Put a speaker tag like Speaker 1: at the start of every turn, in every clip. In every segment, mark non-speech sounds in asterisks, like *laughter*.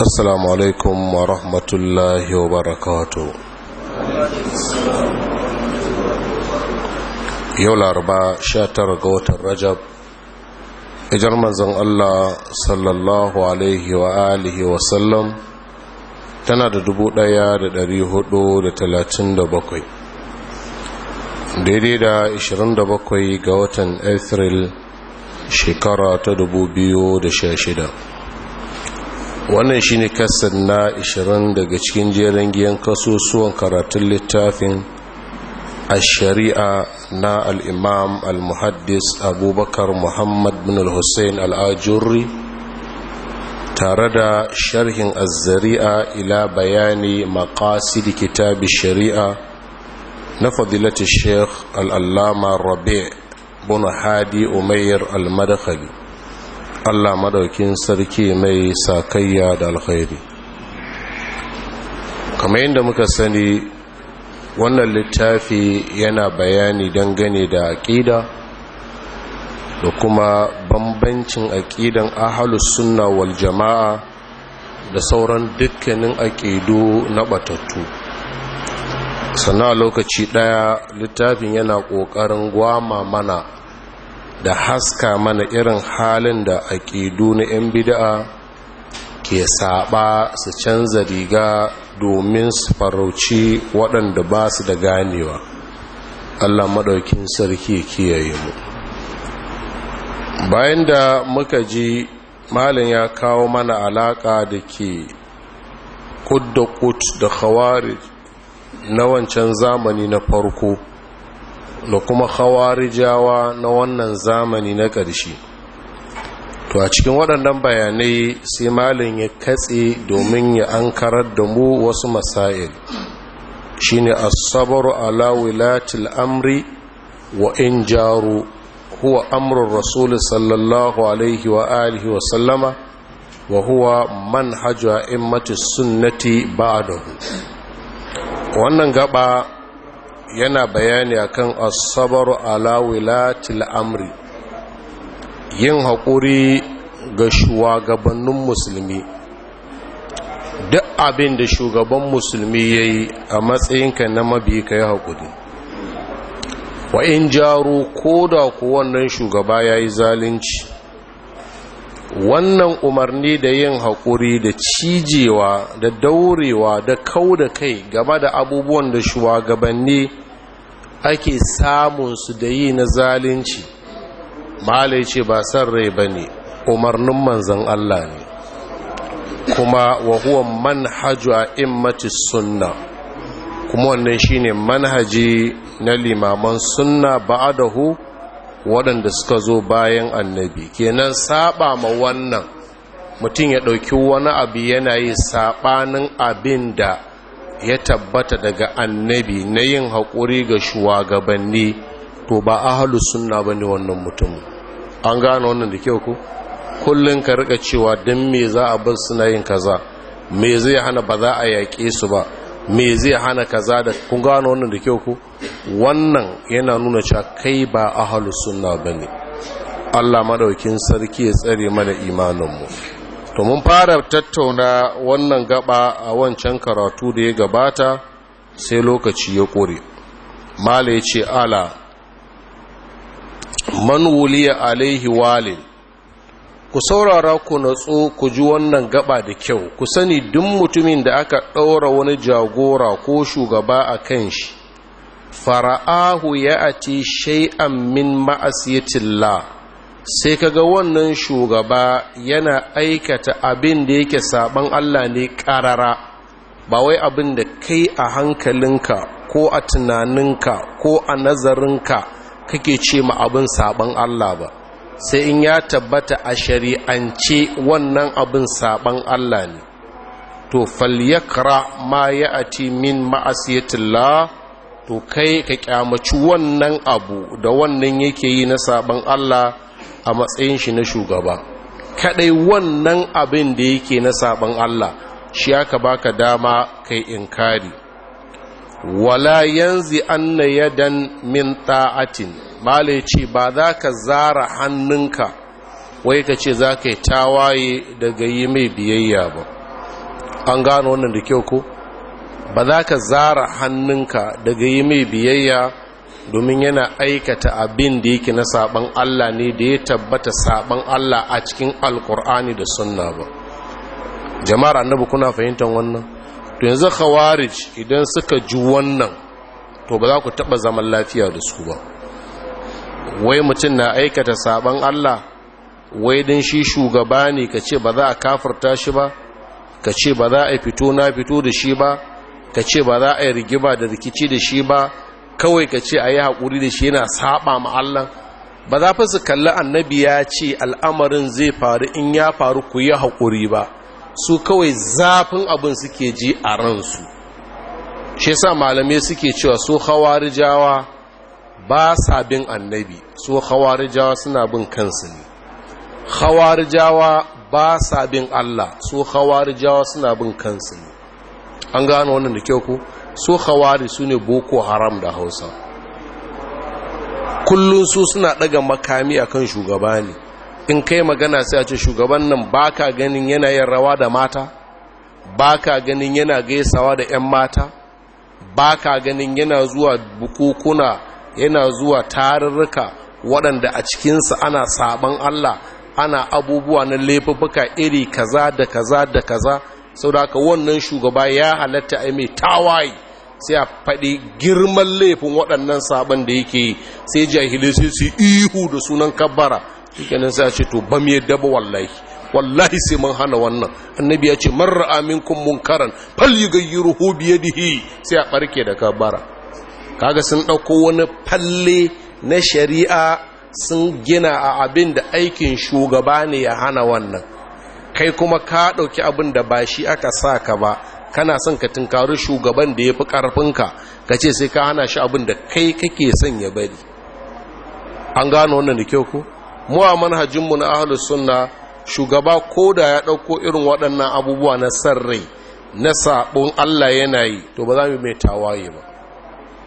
Speaker 1: assalamu alaikum wa rahmatullahi wa barakatu yau laraba 19 ga watan rajab ijar manzan Allah sallallahu alaihi wa alihi wa sallam tana da bakwai, daidai da 27 ga watan Afril shekara ta dubu biyu da shida. wannan shine kasar na 20 daga cikin jerin giyan kasusuwan karatun littafin a sharia na alimam al-muhaddis abubakar muhammad bin al-hussein al tare da sharhin azzari'a ila bayani maqasid kitabin sharia na fadilati sheikh al-allama rabi' bin hadi umayyar al madakali Allah madaukin sarki mai sakayya da alkhairi kamar yadda muka sani wannan littafi yana bayani dangane da aƙida da kuma bambancin aƙidan ahlus sunna wal jama'a da sauran dukkanin aƙidu na batattu sannan lokaci ɗaya littafin yana ƙoƙarin gwama mana da haska mana irin halin da aƙidu na 'yan bida'a ke saba su canza riga domin su farauci waɗanda ba su da ganewa allah maɗaukin sarki kiyaye mu bayan da muka ji malin ya kawo mana alaƙa da ke kudda kut da khawarij na wancan zamani na farko da kuma khawarijawa na wannan zamani na ƙarshe to a cikin waɗannan bayanai sai malin ya katse domin ya ankarar da mu wasu masail shine as-sabru ala wilatil amri wa in jaru huwa Amurin rasul sallallahu alaihi wa alihi wa sallama wa huwa manhaju a'immati sunnati ba'dahu wannan gaba yana bayani akan asabar ala wilatil amri yin haƙuri ga shugabannin musulmi duk abin da shugaban musulmi ya yi a matsayinka na mabi ka yi haƙuri wa in jaru ko da ku wannan shugaba ya yi zalunci wannan umarni da yin haƙuri da cijewa da daurewa da kau da kai game da abubuwan da shugabanni ake samun su da yi na zalunci malai ce ba san rai ba ne umarnin manzan Allah ne kuma wahuwan manhajua manhaju a immati sunna kuma wannan shine manhaji na limaman sunna ba'adahu waɗanda suka zo bayan annabi kenan saba ma wannan mutum ya ɗauki wani abu yana yi saɓanin abin da ya tabbata daga annabi na yin haƙuri ga shugabanni to ba a suna sunna ne wannan mutum an gano wannan da kyau ku, kullum ka riƙa cewa don me za a bar suna yin kaza me zai hana ba za a yaƙe su ba me zai hana kaza da kun gano wannan da kyau ku wannan yana nuna cewa kai ba ahlus sunna bane Allah madaukin sarki ya tsare mana imanin mu to mun fara tattauna wannan gaba a wancan karatu da ya gabata sai lokaci ya kore mala yace ce ala man wuliya alaihi walid ku saurara ku natsu ku ji wannan gaba da kyau ku sani duk mutumin da aka ɗaura wani jagora ko shugaba a kan shi fara'ahu ya ati shai'an min ma'asiyatillah sai kaga wannan shugaba yana aikata abin da yake saban Allah ne karara ba wai abin da kai a hankalinka ko a tunaninka ko a nazarinka kake ce ma abin saban Allah ba sai in ya tabbata a shari'ance wannan abin saban Allah ne to falyakra ma ya'ati min ma'asiyatillah to kai ka kyamaci wannan abu da wannan yake yi na saban Allah a matsayin shi na shugaba kadai wannan abin da yake na saban Allah shi aka baka dama kai inkari wala yanzi anna yadan min ta'atin mala ya ce ba za ka zara hannunka wai ka ce za ka yi tawaye daga yi mai biyayya ba an gano wannan da kyau ko ba za ka zara hannunka daga yi mai biyayya domin yana aikata abin da yake na saban Allah ne da ya tabbata saban Allah a cikin alkur'ani da sunna ba jama'ar annabi kuna fahimtar wannan to yanzu khawarij idan suka ji wannan to ba za ku taba zaman lafiya da su ba wai mutum na aikata saban Allah wai din shi shugaba ne ka ce ba za a kafarta shi ba ka ce ba za a fito na fito da shi ba ka ce ba za a yi rigima da rikici da shi ba kawai ka ce a yi haƙuri da shi yana saba ma Allah ba za fa su kalli annabi ya ce al'amarin zai faru in ya faru ku yi haƙuri ba su kawai zafin abin suke ji a ransu shi sa malamai suke cewa su hawarijawa ba sa bin annabi su khawarijawa suna bin kansu ne khawarijawa ba sa bin Allah su khawarijawa suna bin kansu ne an gano wannan da kyau ku su khawari su ne boko haram da hausa kullum su suna daga makami akan shugaba ne in kai magana sai a ce shugaban nan ba ka ganin yanayin rawa da mata Ba ka ganin yana gaisawa da 'yan mata Ba ka ganin yana zuwa bukukuna yana zuwa tarurruka waɗanda a cikinsa ana saban Allah ana abubuwa na laifuka iri kaza da kaza da kaza sau da haka wannan shugaba ya halatta a mai tawaye sai a faɗi girman laifin waɗannan saban da yake yi sai jahilai sai su ihu da sunan kabbara shikenan sai a ce to bam yadda ba wallahi wallahi sai mun hana wannan annabi ya ce man ra'a minkum munkaran falyughayyiruhu bi yadihi sai a barke da kabbara kaga sun ɗauko wani falle na shari'a sun gina a abin da aikin shugaba ne ya hana wannan kai kuma ka ɗauki abin da ba shi aka sa ka ba kana son ka tunkari shugaban da ya fi ƙarfinka ka ce sai ka hana shi abin da kai kake son ya bari an gano wannan da kyau ko mu a manhajinmu na ahlus sunna shugaba ko da ya ɗauko irin waɗannan abubuwa na sarrai na saɓon allah yana yi to ba za mu mai tawaye ba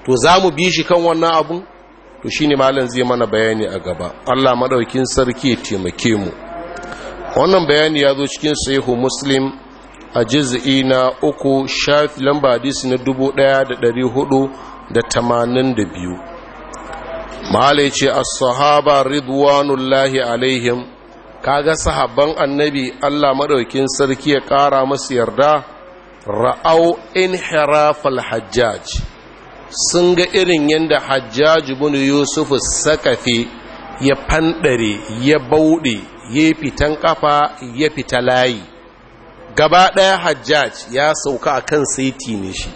Speaker 1: to za mu bi shi kan wannan abun to shi ne malin zai mana bayani a gaba allah maɗaukin sarki taimake mu wannan bayani ya zo cikin sahihu muslim a jiz'i na uku shafi lamba hadisi na dubu ɗaya da ɗari hudu da tamanin da biyu malai ce a sahaba ridwanullahi alaihim ka kaga sahabban annabi allah maɗaukin sarki ya ƙara masu yarda ra'au in hajjaj sun ga irin yadda hajjaji bin yusufu sakafe ya fanɗare ya bauɗe ya fitan ƙafa ya fita layi gaba ɗaya hajjaj ya sauka a kan saiti ne shi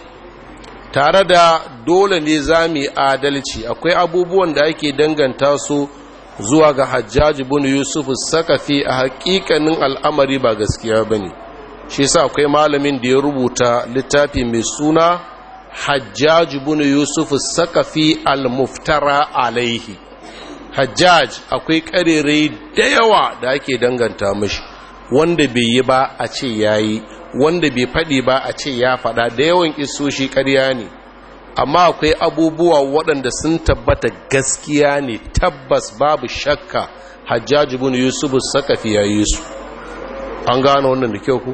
Speaker 1: tare da dole ne za mu yi adalci akwai abubuwan da ake danganta su zuwa ga hajjaji bin yusufu sakafi a hakikanin al'amari ba gaskiya ba ne shi sa akwai malamin da ya rubuta littafi mai suna حجاج بن yusuf sakafi المفترى عليه alaihi hajjaj akwai karerai da yawa da ake danganta mashi wanda bai yi ba a ce yayi wanda bai fadi ba a ce ya faɗa da yawan isoshi ƙarya ne amma akwai abubuwa waɗanda sun tabbata gaskiya ne tabbas babu shakka Hajjaji ibn yusuf sakafi yi su an gano wannan da kyau ku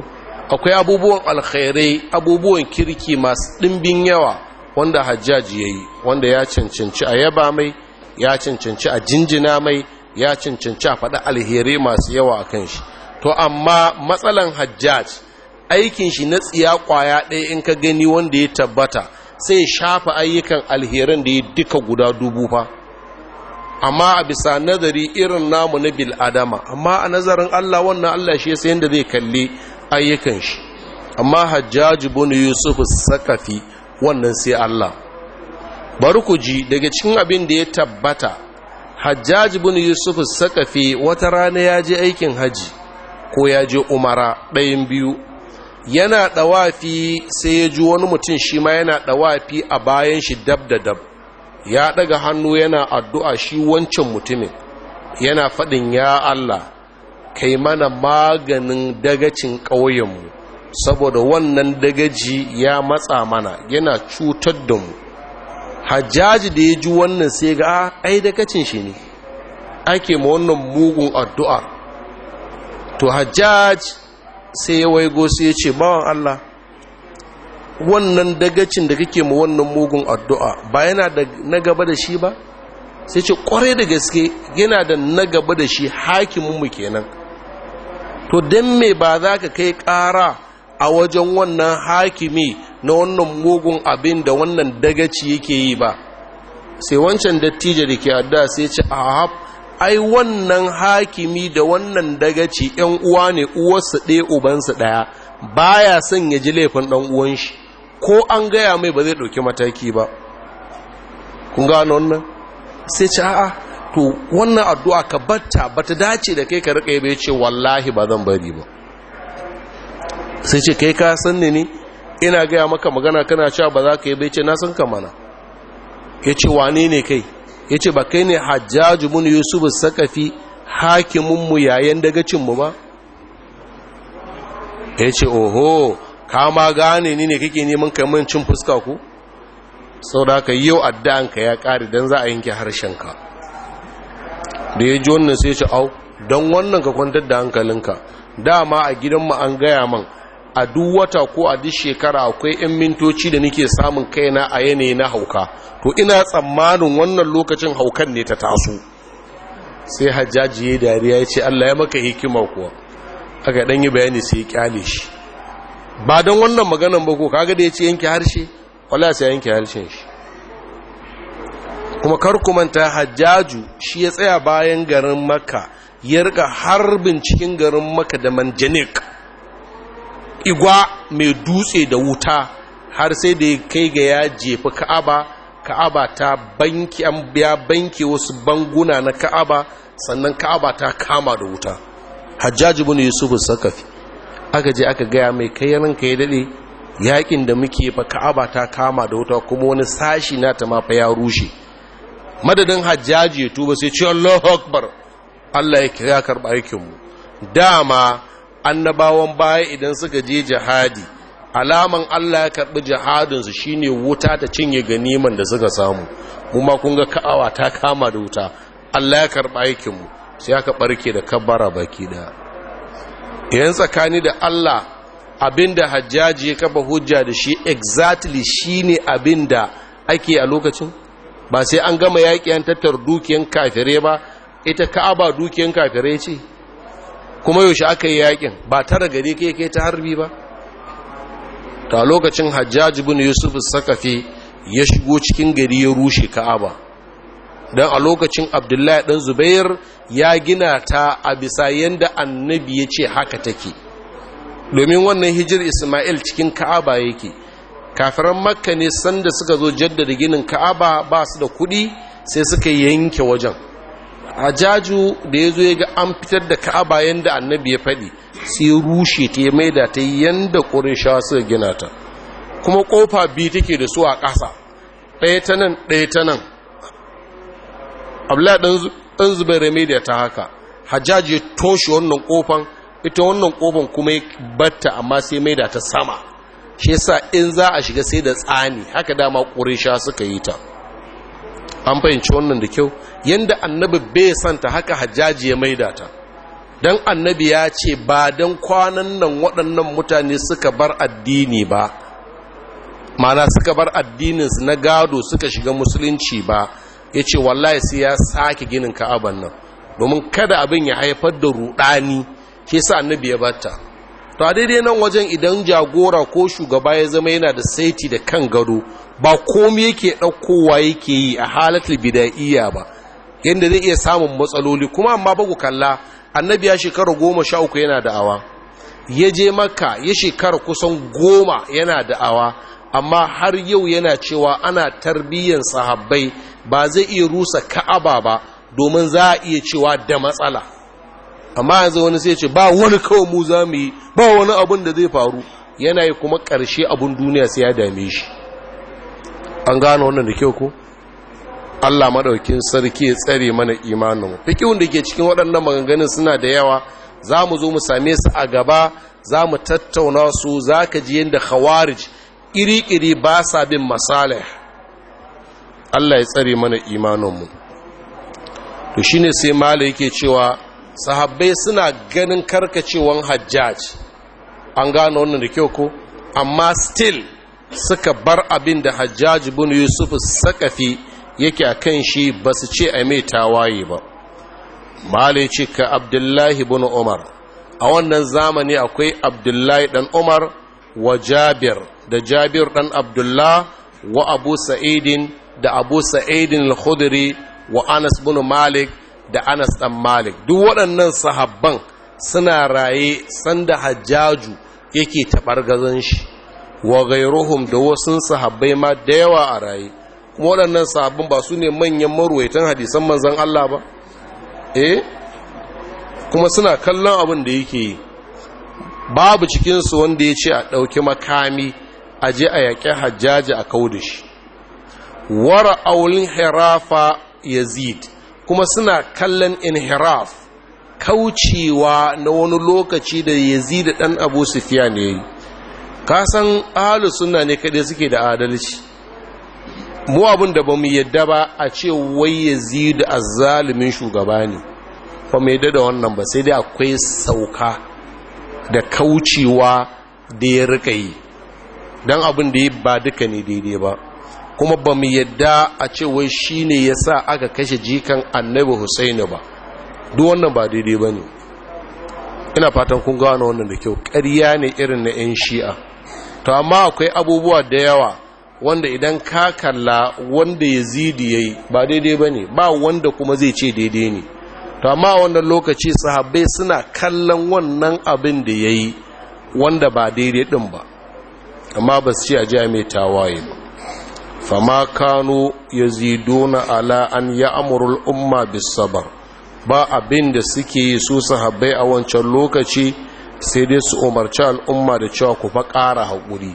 Speaker 1: akwai abubuwan alkhairai abubuwan kirki masu ɗimbin yawa wanda hajjaji ya yi wanda ya cancanci a yaba mai ya cancanci a jinjina mai ya cancanci a faɗa alherai masu yawa a kan shi to amma matsalan hajjaj aikin shi na tsiya kwaya ɗaya in ka gani wanda ya tabbata sai ya shafa ayyukan alheran da ya duka guda dubu fa amma a bisa nazari irin namu na bil'adama amma a nazarin Allah wannan Allah shi yasa yanda zai kalli ayyukan shi amma hajjaji Bani yusuf sakafi wannan sai Allah bari ku ji daga cikin abin da ya tabbata hajjaji Bani yusuf sakafi wata rana ya je aikin haji ko ya je umara ɗayan biyu yana ɗawafi sai ya ji wani mutum shi ma yana ɗawafi a bayan shi dab da dab ya ɗaga hannu yana addu'a shi wancan mutumin yana faɗin ya Allah kai mana maganin dagacin ƙauyenmu saboda wannan dagaji ya matsa mana yana cutar da mu hajjaji da ya ji wannan sai ga ah, ai dagacin shi ne ake ma wannan mugun addu'a to hajjaji sai ya waigo sai ya ce bawan Allah wannan dagacin da kake ma wannan mugun addu'a ba yana da na gaba da shi ba sai ce kwarai da gaske yana da na gaba da shi mu kenan to don me ba za ka kai ƙara a wajen wannan hakimi na wannan mugun abin da wannan dagaci yake yi ba sai wancan dattijo da ke adda sai ce a ai wannan hakimi da wannan dagaci yan uwa ne uwarsa ɗaya ubansa ɗaya baya son ya ji laifin ɗan uwan shi ko an gaya mai ba zai ɗauki mataki ba kun gano wannan sai ce a'a to wannan addu'a ka batta bata dace da kai ka rika yabe ce wallahi ba zan bari ba sai ce kai ka san ni ne ina gaya maka magana kana cewa ba za ka yabe ce na san ka ya ce wane ne kai ya ce ba kai ne Hajjaji mun yusuf sakafi hakiminmu yayin dagacinmu ba ya ce oho kama gane ni ne kake neman kamancin fuska ku sau da ka yi yau addu’anka ya ƙari don za a yanke ka. da ya ji wannan sai ce au don wannan ka kwantar da hankalinka dama a gidan gidanmu an gaya man a duk wata ko a duk shekara akwai 'yan mintoci da nake samun kaina a yanayi na hauka to ina tsammanin wannan lokacin haukan ne ta taso sai hajjaji ya dariya ya ce allah ya maka hikima kuwa aka ɗanyi bayani sai ya kyale shi ba don wannan maganan ba ko kaga da ya ce yanke harshe wala sai yanke harshen shi kuma manta hajjaju shi ya tsaya bayan garin maka ya rika harbin cikin garin maka da manjanik igwa mai dutse da wuta har sai da ya kai ga ya jefa ka'aba ka'aba ta banki an biya banki wasu banguna na ka'aba sannan ka'aba ta kama da wuta hajjaji bin yusuf sakafi aka je aka gaya mai kayanan ka ya dade yakin da muke fa ka'aba ta kama da wuta kuma wani sashi na ta ma fa ya rushe madadin hajjaji ya tuba sai ce lohokbar akbar Allah ya karba aikinmu dama annabawan baya idan suka je jihadi alaman Allah ya karbi jihadinsu shine wuta ta cinye ganiman da suka samu kuma kun ga ka'awa ta kama da wuta Allah ya karba aikinmu sai aka barke da kabbara baki da idan tsakani da Allah abinda hajjaji ya kafa hujja da shi exactly shine abinda ake a lokacin ba sai an gama yaƙi an tattar dukiyan kafire ba ita ka'aba dukiyan kafire ce kuma yaushe aka yi yaƙin ba tara gari kai kai ta harbi ba ta lokacin hajjaj ibn yusuf sakafi ya shigo cikin gari ya rushe ka'aba don a lokacin abdullahi dan zubair ya gina ta a bisa yadda annabi ya ce haka take domin wannan hijir isma'il cikin ka'aba yake kafiran makka ne sanda suka zo jaddada ginin ka'aba ba su da kuɗi sai suka yanke wajen hajaju da ya zo ya ga an fitar da ka'aba yadda annabi ya faɗi sai rushe ta ya maida ta yadda sha suka gina ta kuma ƙofa biyu take da su a ƙasa ɗaya ta nan ɗaya ta nan abla ɗan zubai maida ta haka hajjaji ya toshe wannan ƙofan ita wannan ƙofan kuma ya batta amma sai maida ta sama shi sa in za a shiga sai da tsani haka dama ƙurisha suka yi ta an fahimci wannan da kyau yadda annabi bai santa haka hajjaji ya maida ta don annabi ya ce ba don kwanan nan waɗannan mutane suka bar addini ba mana suka bar addinin su na gado suka shiga musulunci ba ya ce wallahi sai ya sake ginin ka'aban nan domin kada abin ya haifar da ruɗani shi sa annabi ya batta to a daidai nan wajen idan jagora ko shugaba ya zama yana da saiti da kan gado ba komi yake ɗaukowa yake yi a halatul bida'iyya ba yadda zai iya samun matsaloli kuma amma bagu kalla annabi ya shekara goma sha uku yana da'awa ya je makka ya shekara kusan goma yana da'awa amma har yau yana cewa ana tarbiyyar sahabbai ba zai iya rusa ka'aba ba domin za a iya cewa da matsala amma yanzu wani sai ce ba wani kawai mu za mu yi ba wani abin da zai faru yana yi kuma ƙarshe abin duniya sai ya dame shi an gano wannan da kyau ko Allah maɗaukin sarki ya tsare mana imaninmu fikihun da ke cikin waɗannan maganganun suna da yawa za mu zo mu same su a gaba za mu tattauna su za ka ji yadda khawarij Iri-iri ba sa bin masalih Allah ya tsare mana imaninmu to shine sai mala yake cewa sahabbai suna ganin karkacewan hajjaj an gano wannan da kyau ko amma still suka bar abin da hajjaj bin yusuf sakafi yake a kan shi ba su ce a mai tawaye ba malai ce ka abdullahi bin umar a wannan zamani akwai abdullahi dan umar wa jabir da jabir dan abdullah wa abu sa'idin da abu sa'idin al-khudri wa anas bin malik da anas ɗan malik duk waɗannan sahabban suna raye sanda hajjaju yake taɓargazan shi wa gairuhum da wasu sahabbai ma da yawa a raye kuma waɗannan sahabban ba su ne manyan maruwaitan hadisan manzan Allah ba eh kuma suna kallon abin da yake yi babu cikinsu wanda ya ce a ɗauki makami a je a yaƙi hajjaji a kau da shi wara aulin hirafa yazid kuma suna kallon inhiraf kaucewa na wani lokaci da yazida da ɗan abu fiya ne. ka san ahalu sunna ne kaɗai suke da adalci mu abin da ba mu yadda ba a ce wai a azzalumin shugaba ne Ba mu yadda da wannan ba sai dai akwai sauka da kaucewa da ya rika yi don abin da ya ba duka ne daidai ba kuma ba mu yadda a ce wai shi ne ya sa aka kashe jikan annabi husaini ba duk wannan ba daidai ba ne ina fatan kun gano wannan da kyau Karya ne irin na 'yan shi'a to amma akwai abubuwa da yawa wanda idan ka kalla wanda ya zidi ya yi ba daidai ba ne ba wanda kuma zai ce daidai ne to amma wannan lokaci sahabbai suna kallon wannan abin da ya yi wanda ba daidai din ba amma ba su ce a jami'a tawaye ba fama kanu ya ziduna ala an ya amurul umma bisabar ba abin da suke yi su sahabbai a wancan lokaci sai dai su umarci al'umma da cewa ku fa ƙara haƙuri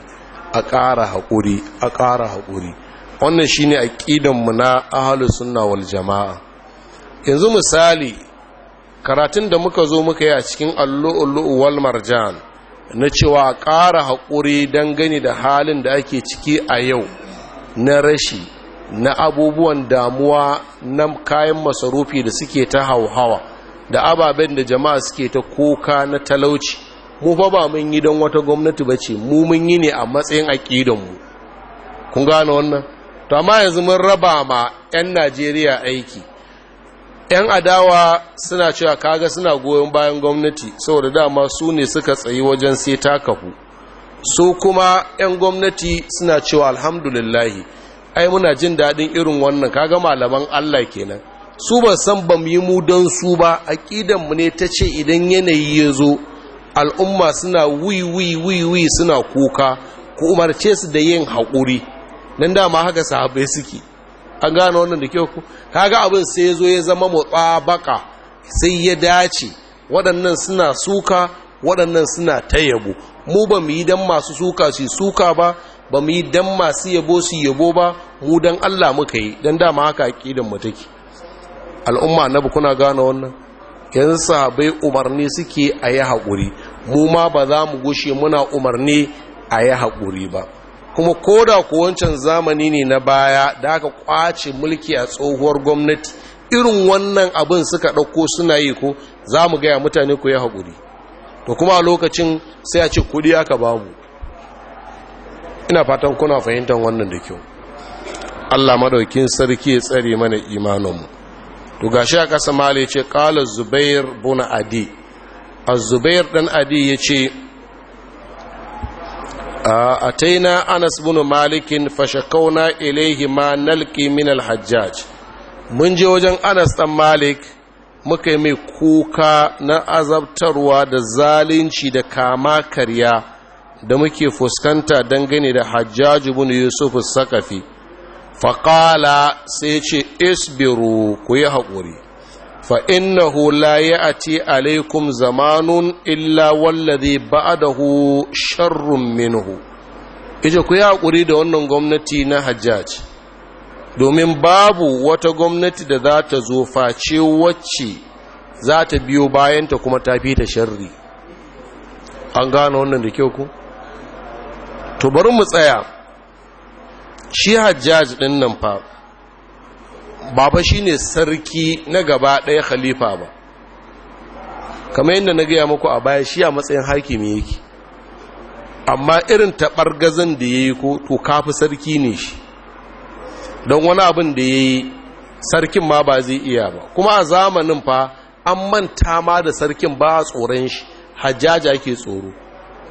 Speaker 1: a ƙara haƙuri a ƙara haƙuri wannan shine ƙidanmu na ahlus sunna wal jamaa yanzu misali karatun da muka zo muka yi a cikin allu'ulu'u wal marjan na cewa ƙara haƙuri dangane da halin da ake ciki a yau na rashi na abubuwan damuwa na kayan masarufi da suke ta hauhawa da ababen da jama'a suke ta koka na talauci mu fa ba mun yi don wata gwamnati ba ce mu mun yi ne a matsayin aƙidanmu kun gane wannan to amma yanzu mun raba ma 'yan najeriya aiki 'yan adawa suna cewa kaga suna goyon bayan gwamnati saboda dama su ne suka tsayi wajen sai ta kafu su kuma 'yan gwamnati suna cewa alhamdulillahi ai muna jin daɗin irin wannan kaga malaman Allah kenan su ba san ba mu yi mu don su ba mu ne ta ce idan yanayi ya zo al'umma suna wiwi suna kuka ku umarce su da yin haƙuri nan dama haka sahabbai suke an gane wannan da kyau kaga abin sai ya zo ya zama baka sai ya dace waɗannan suna suka waɗannan suna ta yabo mu ba mu yi dan masu suka su suka ba ba mu yi dan masu yabo su yabo ba mu dan Allah muka yi dan dama haka aqidan mu take al'umma annabi kuna gane wannan yan sahabbai umarni suke a yi haƙuri mu ma ba za mu gushe muna umarni a yi haƙuri ba kuma koda ko wancan zamani ne na baya da aka kwace mulki a tsohuwar gwamnati irin wannan abin suka ɗauko suna yi ko za mu gaya mutane ku yi haƙuri to kuma a lokacin sai a ce kudi aka bamu ina fatan kuna fahimtar wannan da kyau Allah madaukin sarki ya tsare mana imaninmu to gashi a ƙasa mali ce qala zubair buna adi a zubair ɗan adi ya ce أتينا أنس بن ilayhi ma nalqi min al-hajjaj Mun je wajen anas dan Malik. muka yi mai kuka na azabtarwa da zalunci da kama karya da muke fuskanta dangane da hajjaji bin yusuf sakafi faƙala sai ce isbiru ku yi haƙuri inna la ya a ce alaikum zamanun illa wallazi ba'adahu sharrun minhu ije ku yi haƙuri da wannan gwamnati na hajjaji domin babu wata gwamnati da za ta zo face wacce za ta biyo bayanta kuma ta fi ta sharri an gano wannan da kyau ku? to bari mu tsaya shi hajjaji ɗin nan fa baba shi ne sarki na gaba ɗaya khalifa ba kamar yadda na gaya muku a baya shi a matsayin hakimi yake amma irin taɓar gazan da ya yi ko to kafi sarki ne shi don wani abin da ya yi sarkin ma ba zai iya ba kuma a zamanin fa an manta ma da sarkin ba a tsoron shi hajjaja ke tsoro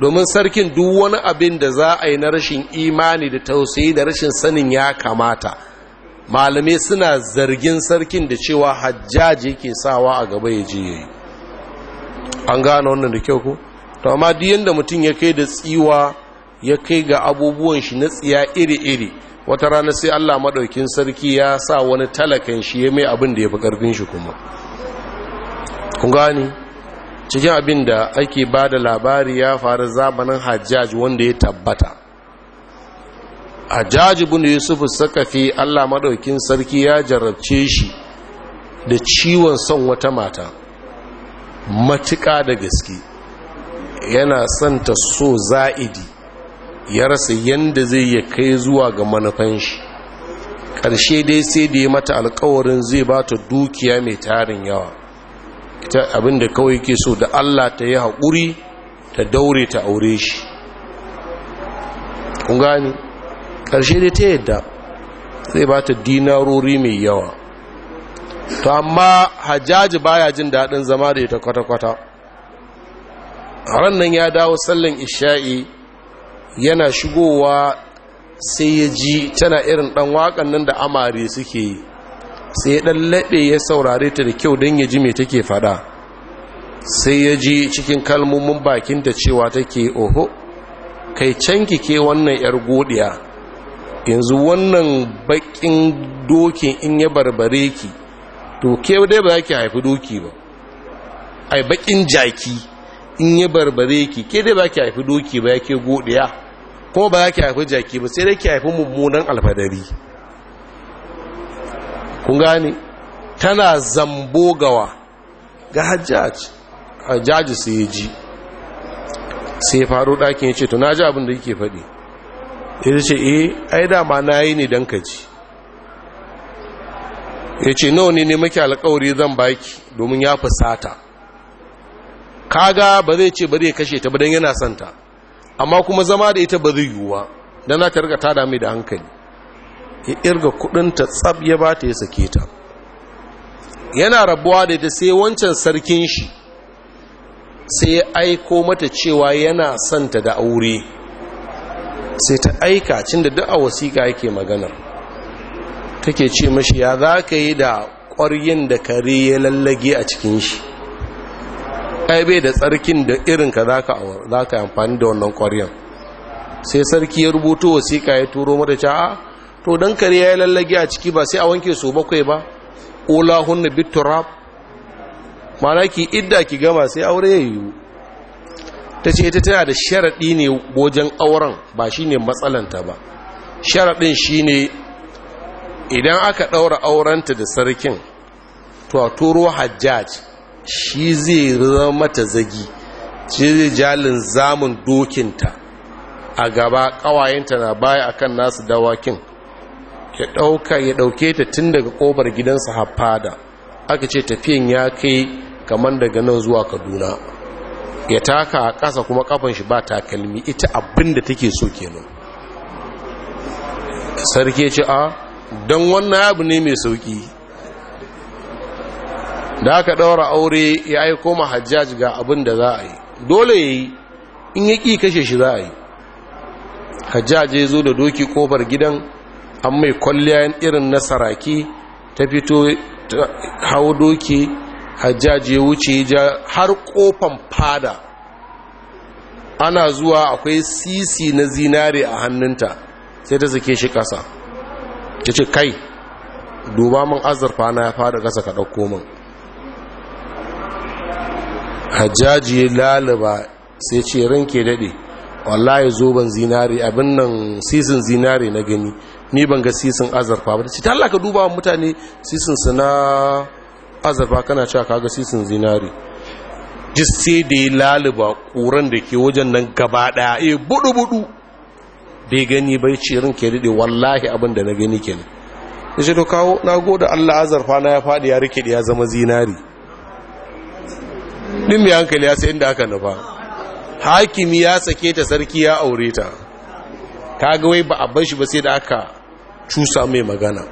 Speaker 1: domin sarkin duk wani abin da za a yi na rashin imani da tausayi da rashin sanin ya kamata malamai suna zargin sarkin da cewa hajjaji ke sawa a gaba ya je yayi an gane wannan da kyau ko to amma duk yanda mutum ya kai da tsiwa ya kai ga abubuwan shi na tsiya iri-iri wata rana sai Allah maɗaukin sarki ya sa wani talakan shi ya mai abin da ya fi ƙarfin shi kuma kun gani cikin abin da ake ba da labari ya faru zamanin hajjaj wanda ya tabbata hajjaj bin yusuf sakafi Allah maɗaukin sarki ya jarabce shi da ciwon son wata mata matuƙa da gaske yana son ta so za'idi ya rasa yadda zai ya kai zuwa ga manufan shi ƙarshe dai sai da ya mata alkawarin zai ba ta dukiya mai tarin yawa ita abinda kawai ke so da allah ta yi haƙuri ta daure ta aure shi kun gani ƙarshe dai ta yadda zai ba ta dinarori mai yawa to amma hajjaji baya jin daɗin zama da ita kwata-kwata a ran nan ya dawo sallan isha'i yana shigowa sai ya ji tana irin ɗan wakan nan da amare suke yi sai ya ɗan laɓe ya saurare ta da kyau don ya ji mai take faɗa sai ya ji cikin kalmomin da cewa take oho kai can kike wannan 'yar godiya yanzu wannan bakin dokin in ya barbare ki to ke dai ba za ki haifi doki ba ai bakin jaki in ya barbare ki ke dai ba ki haifi doki ba ya ke godiya ko ba za ki haifi jaki ba sai dai ki haifi mummunan alfadari kun gane tana zambo gawa ga hajjaji hajjaji sai ya ji sai faru ɗakin ya ce to na ji abin da yake faɗi ya ce eh ai dama na yi ne don ka ji ya ce nawa ne ne maki alkawari zan baki domin ya fusata kaga ba zai ce ba zai kashe ta ba don yana santa amma kuma zama da ita ba zai yiwuwa don za ta riga ta dami da hankali ya irga kudinta tsab ya ba ta ya sake ta yana rabuwa da ita sai wancan sarkin shi sai ya aiko mata cewa yana santa da aure sai ta aika cin da duk a wasiƙa yake maganar take ce mashi ya za ka yi da ƙwaryin da kare ya lallage a cikin shi kai bai da tsarkin da irin ka za ka amfani da wannan kwaryan sai sarki ya rubuto wasiƙa ya turo mata ca'a to don kare ya yi lallage a ciki ba sai a wanke su bakwai ba ola hunna biturab mana ki idda ki gama sai aure ya yiwu ta ce ita tana da sharaɗi ne wajen auren ba shi ne matsalanta ba sharaɗin shi ne idan aka ɗaura aurenta da sarkin to a turo hajjaj shi zai zama mata zagi shi zai jalin zamun dokinta a gaba ƙawayenta na baya akan nasu dawakin ya dauka ya ɗauke ta tun daga ƙofar gidansa haffada aka ce tafiyan ya kai kamar daga nan zuwa kaduna ya taka a ƙasa kuma ƙafan shi ba takalmi ita abin da take so kenan sarki ce a ah, don wannan abu ne mai sauƙi da aka ɗaura aure ya yi koma hajjaj ga abin da za a yi dole ya yi in ya ƙi kashe shi za a yi hajjaj ya zo da doki kofar gidan an mai kwalliya irin na saraki ta fito hau doki hajjaj ya wuce ja har ƙofan fada ana zuwa akwai sisi na zinare a hannunta sai ta sake shi ƙasa ta ce kai duba min azurfa na ya fada ƙasa ka ɗauko min hajjaji laliba sai ce ranke daɗe wallahi zoben zinari abin nan sisin zinari na gani ni ban ga sisin azarfa ba ce ta ka duba mutane sisin su na azurfa kana cewa ka ga sisin zinari jis sai da ya laliba ƙuran da ke wajen nan gaba ɗaya e eh, budu-budu da gani bai ce ke daɗe wallahi abin da na gani kenan ya ce to na goda Allah azurfa na ya faɗi ya ya zama zinari din mai hankali ya sai inda aka nufa hakimi ya sake ta sarki ya aure ta kaga wai ba a bar shi ba sai da aka cusa mai magana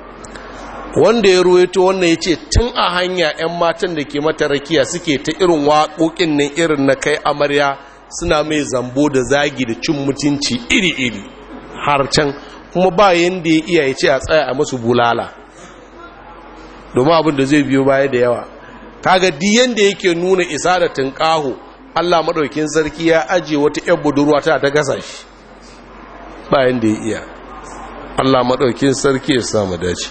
Speaker 1: wanda ya ruwaito wannan ya ce tun a hanya 'yan matan da ke mata rakiya suke ta irin waƙoƙin nan irin na kai amarya suna mai zambo da zagi da cin mutunci iri-iri har can kuma ba yadda ya iya ya ce a tsaya a masu bulala domin abin da zai biyo baya da yawa kaga diyan da yake nuna isa da tunƙaho allah maɗaukin sarki ya ajiye wata 'yan budurwa ta ta gasa shi bayan da ya iya allah maɗaukin sarki ya samu dace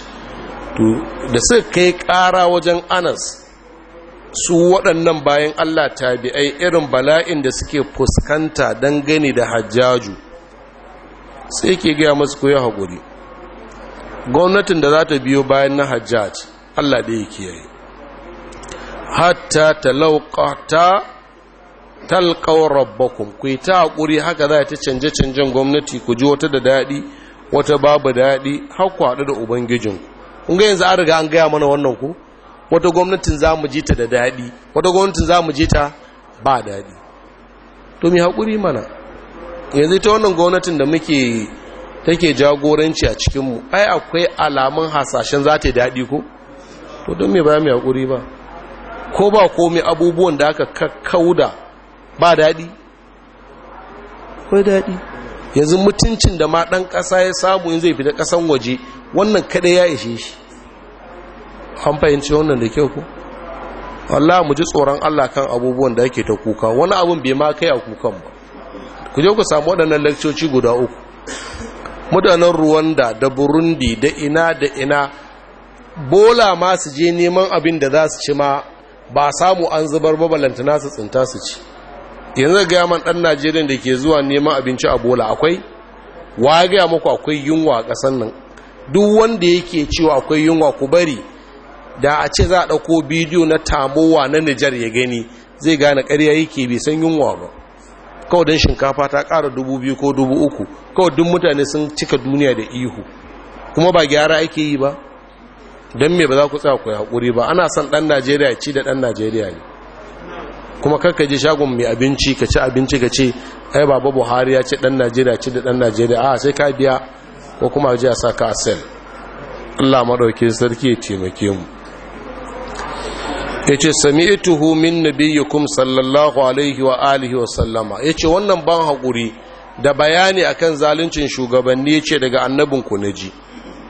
Speaker 1: da suka kai ƙara wajen anas su waɗannan bayan allah tabi'ai irin bala'in da suke fuskanta don gani da hajjaju sai ke gaya masu koya haƙuri gwamnatin da za ta biyo bayan na hajjaj allah da ya yi. hatta talauqata talqaw rabbakum ku yi ta haƙuri haka za ta canje canjen gwamnati ku ji wata da daɗi wata babu daɗi har haɗu da ubangijin kun ga yanzu an riga an gaya mana wannan ku wata gwamnatin za mu ji ta da daɗi wata gwamnatin za mu ji ta ba daɗi to mi haƙuri mana yanzu ta wannan gwamnatin da muke take jagoranci a cikinmu ai akwai alamun hasashen za ta daɗi ko to don me ba mu haƙuri ba ko ba komai abubuwan da aka kauda ba daɗi ko daɗi yanzu mutuncin da ma ɗan ƙasa ya samu zai fi da ƙasan waje wannan kaɗai ya ishe shi an fahimci wannan da kyau ku Allah mu ji tsoron Allah kan abubuwan da ake ta kuka wani abun bai ma kai a kukan ba ku je ku samu waɗannan lakcoci guda uku mutanen ruwanda da Burundi da ina da ina bola ma su je neman abin da za su ci ma ba samu an zubar babalantana su tsinta su ci yanzu ga yaman ɗan najeriya da ke zuwa neman abinci a bola akwai wa gaya maku akwai yunwa a nan duk wanda yake cewa akwai yunwa ku bari da a ce za a ɗauko bidiyo na tamowa na nijar ya gani zai gane karya yake bai san yunwa ba kawai don shinkafa ta ƙara dubu biyu ko dubu uku kawai duk mutane sun cika duniya da ihu kuma ba gyara ake yi ba don me ba za ku tsaya ku haƙuri ba ana son ɗan najeriya ci da ɗan najeriya ne kuma karka je shagon mai abinci ka ci abinci ka ce ai baba buhari ya ce ɗan najeriya ci da ɗan najeriya a sai ka biya ko kuma ji a sa ka a sel allah maɗauki sarki ya taimake mu ya ce sami'tuhu min kum sallallahu alaihi wa alihi wa sallama ya ce wannan ban haƙuri da bayani akan zaluncin shugabanni ya ce daga annabinku na ji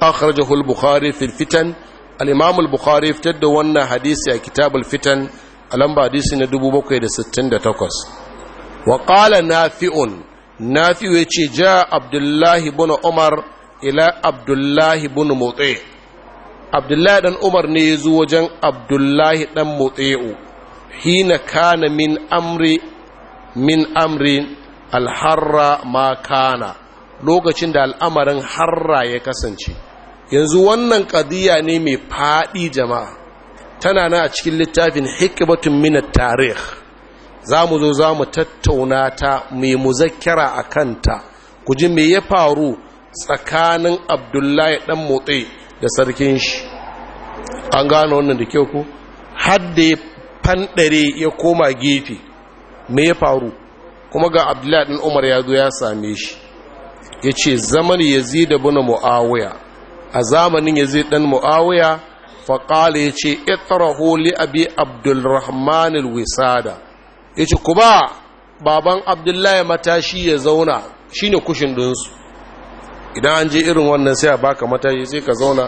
Speaker 1: akhrajahu al-bukhari fil fitan al al-bukhari fitar da wannan hadisi a kitabul fitan a lamba hadisi na 768 wa qala nafi'un nafi'u yace ja abdullahi ibn umar ila abdullahi ibn mut'i abdullahi dan umar ne ya zo wajen abdullahi dan mut'i'u hina kana min amri min amri alharra ma kana lokacin da al'amarin harra ya kasance yanzu wannan ƙadiyya ne mai faɗi jama'a tana na a cikin littafin hikimatun mina tarih za mu zo za mu tattauna ta mai muzakkara a kanta ku ji me ya faru tsakanin abdullahi ɗan motsi da sarkin shi an gano wannan da kyau ku hadda ya fanɗare ya koma gefe me ya faru kuma ga abdullahi ɗan umar ya zo ya same shi ya ce zaman da buna mu'awuya a zamanin yazid dan muawiya fa ya yace itrahu li abi wisada. Ya ce ku ba baban abdullahi matashi ya zauna shine kushin dinsu idan an je irin wannan sai a baka matashi sai ka zauna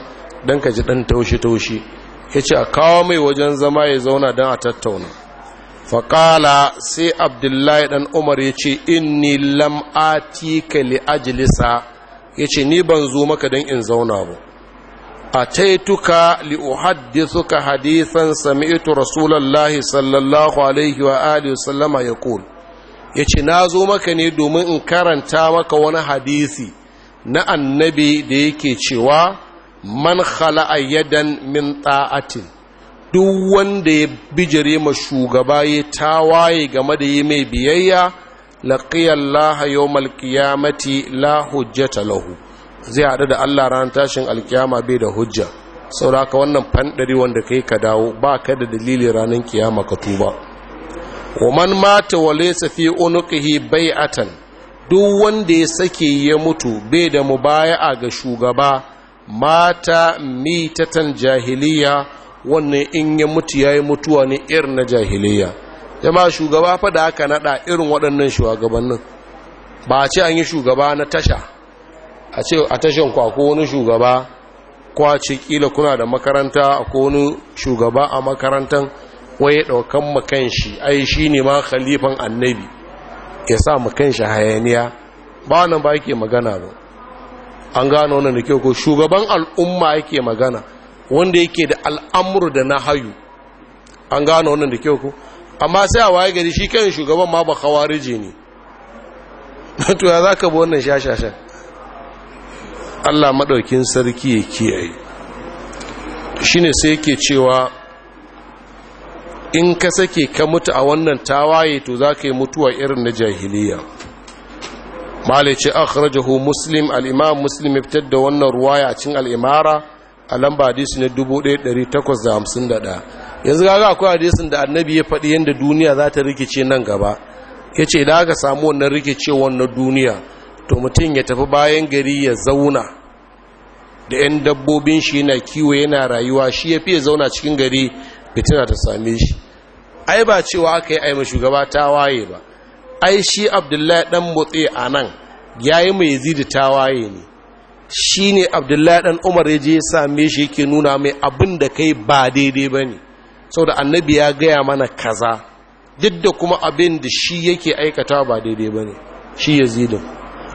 Speaker 1: dan ka ji dan taushe-taushe. taushi ce a kawo mai wajen zama ya zauna don a tattauna faƙala sai abdullahi ɗan umar ya ce inni ni atika li'ajilisa ya ce ni ban zo maka don in zauna ba a taituka li'uhaddithuka hadithan sami'tu rasulallahi sallallahu alaihi wa alihi sallama ya kul ya ce na zo maka ne domin in karanta maka wani hadisi na annabi da yake cewa man a yadan min ta'atin duk wanda ya bijire ma shugaba ya tawaye game da yi mai biyayya laqiya Allah yawmal qiyamati la hujjata lahu zai haɗu da Allah ran tashin alkiyama bai da hujja sauraka wannan fandari wanda kai ka dawo ba ka da dalili ranar kiyama ka tuba wa man mata wa laysa fi unqihi bai'atan duk wanda ya sake ya mutu bai da mubaya'a ga shugaba mata mitatan jahiliya wannan in ya mutu yayi mutuwa ne irin na jahiliya jama shugaba fa da aka nada irin waɗannan shugabannin ba a ce an yi shugaba na tasha a ce a tashan ku akwai wani shugaba kwa ce kila kuna da makaranta akwai wani shugaba a makarantar waye ɗaukan makanshi shi ai shi ne ma khalifan annabi ya sa makanshi shi hayaniya ba nan ba yake magana ba an gano wannan da kyau ko shugaban al'umma yake magana wanda yake da al'amur da na hayu an gano wannan da kyau ko amma sai a waye gari shi kan shugaban ma ba khawarije ne *laughs* to ya zaka bi wannan shashashan Allah madaukin sarki ya kiyaye shine sai yake cewa in ka sake ka mutu a wannan tawaye to zaka yi mutuwa irin na jahiliya malice akhrajahu muslim al-imam muslim ibtada wannan ruwaya cin al-imara a lamba hadisi na 1851 yanzu gaga akwai hadisin da annabi ya faɗi yadda duniya za ta rikice nan gaba ya ce da aka samu wannan rikice wannan duniya to mutum ya tafi bayan gari ya zauna da 'yan dabbobin shi yana kiwo yana rayuwa shi ya fiye zauna cikin gari fitina ta same shi ai ba cewa aka yi aima shugaba ta waye ba ai shi abdullahi dan motsi a nan ya yi mai zidi ta waye ne shi ne abdullahi dan umar ya je ya same shi yake nuna mai abin da kai ba daidai ba ne Sau da annabi ya gaya mana kaza duk da kuma abin da shi yake aikata ba daidai ba ne shi ya zidin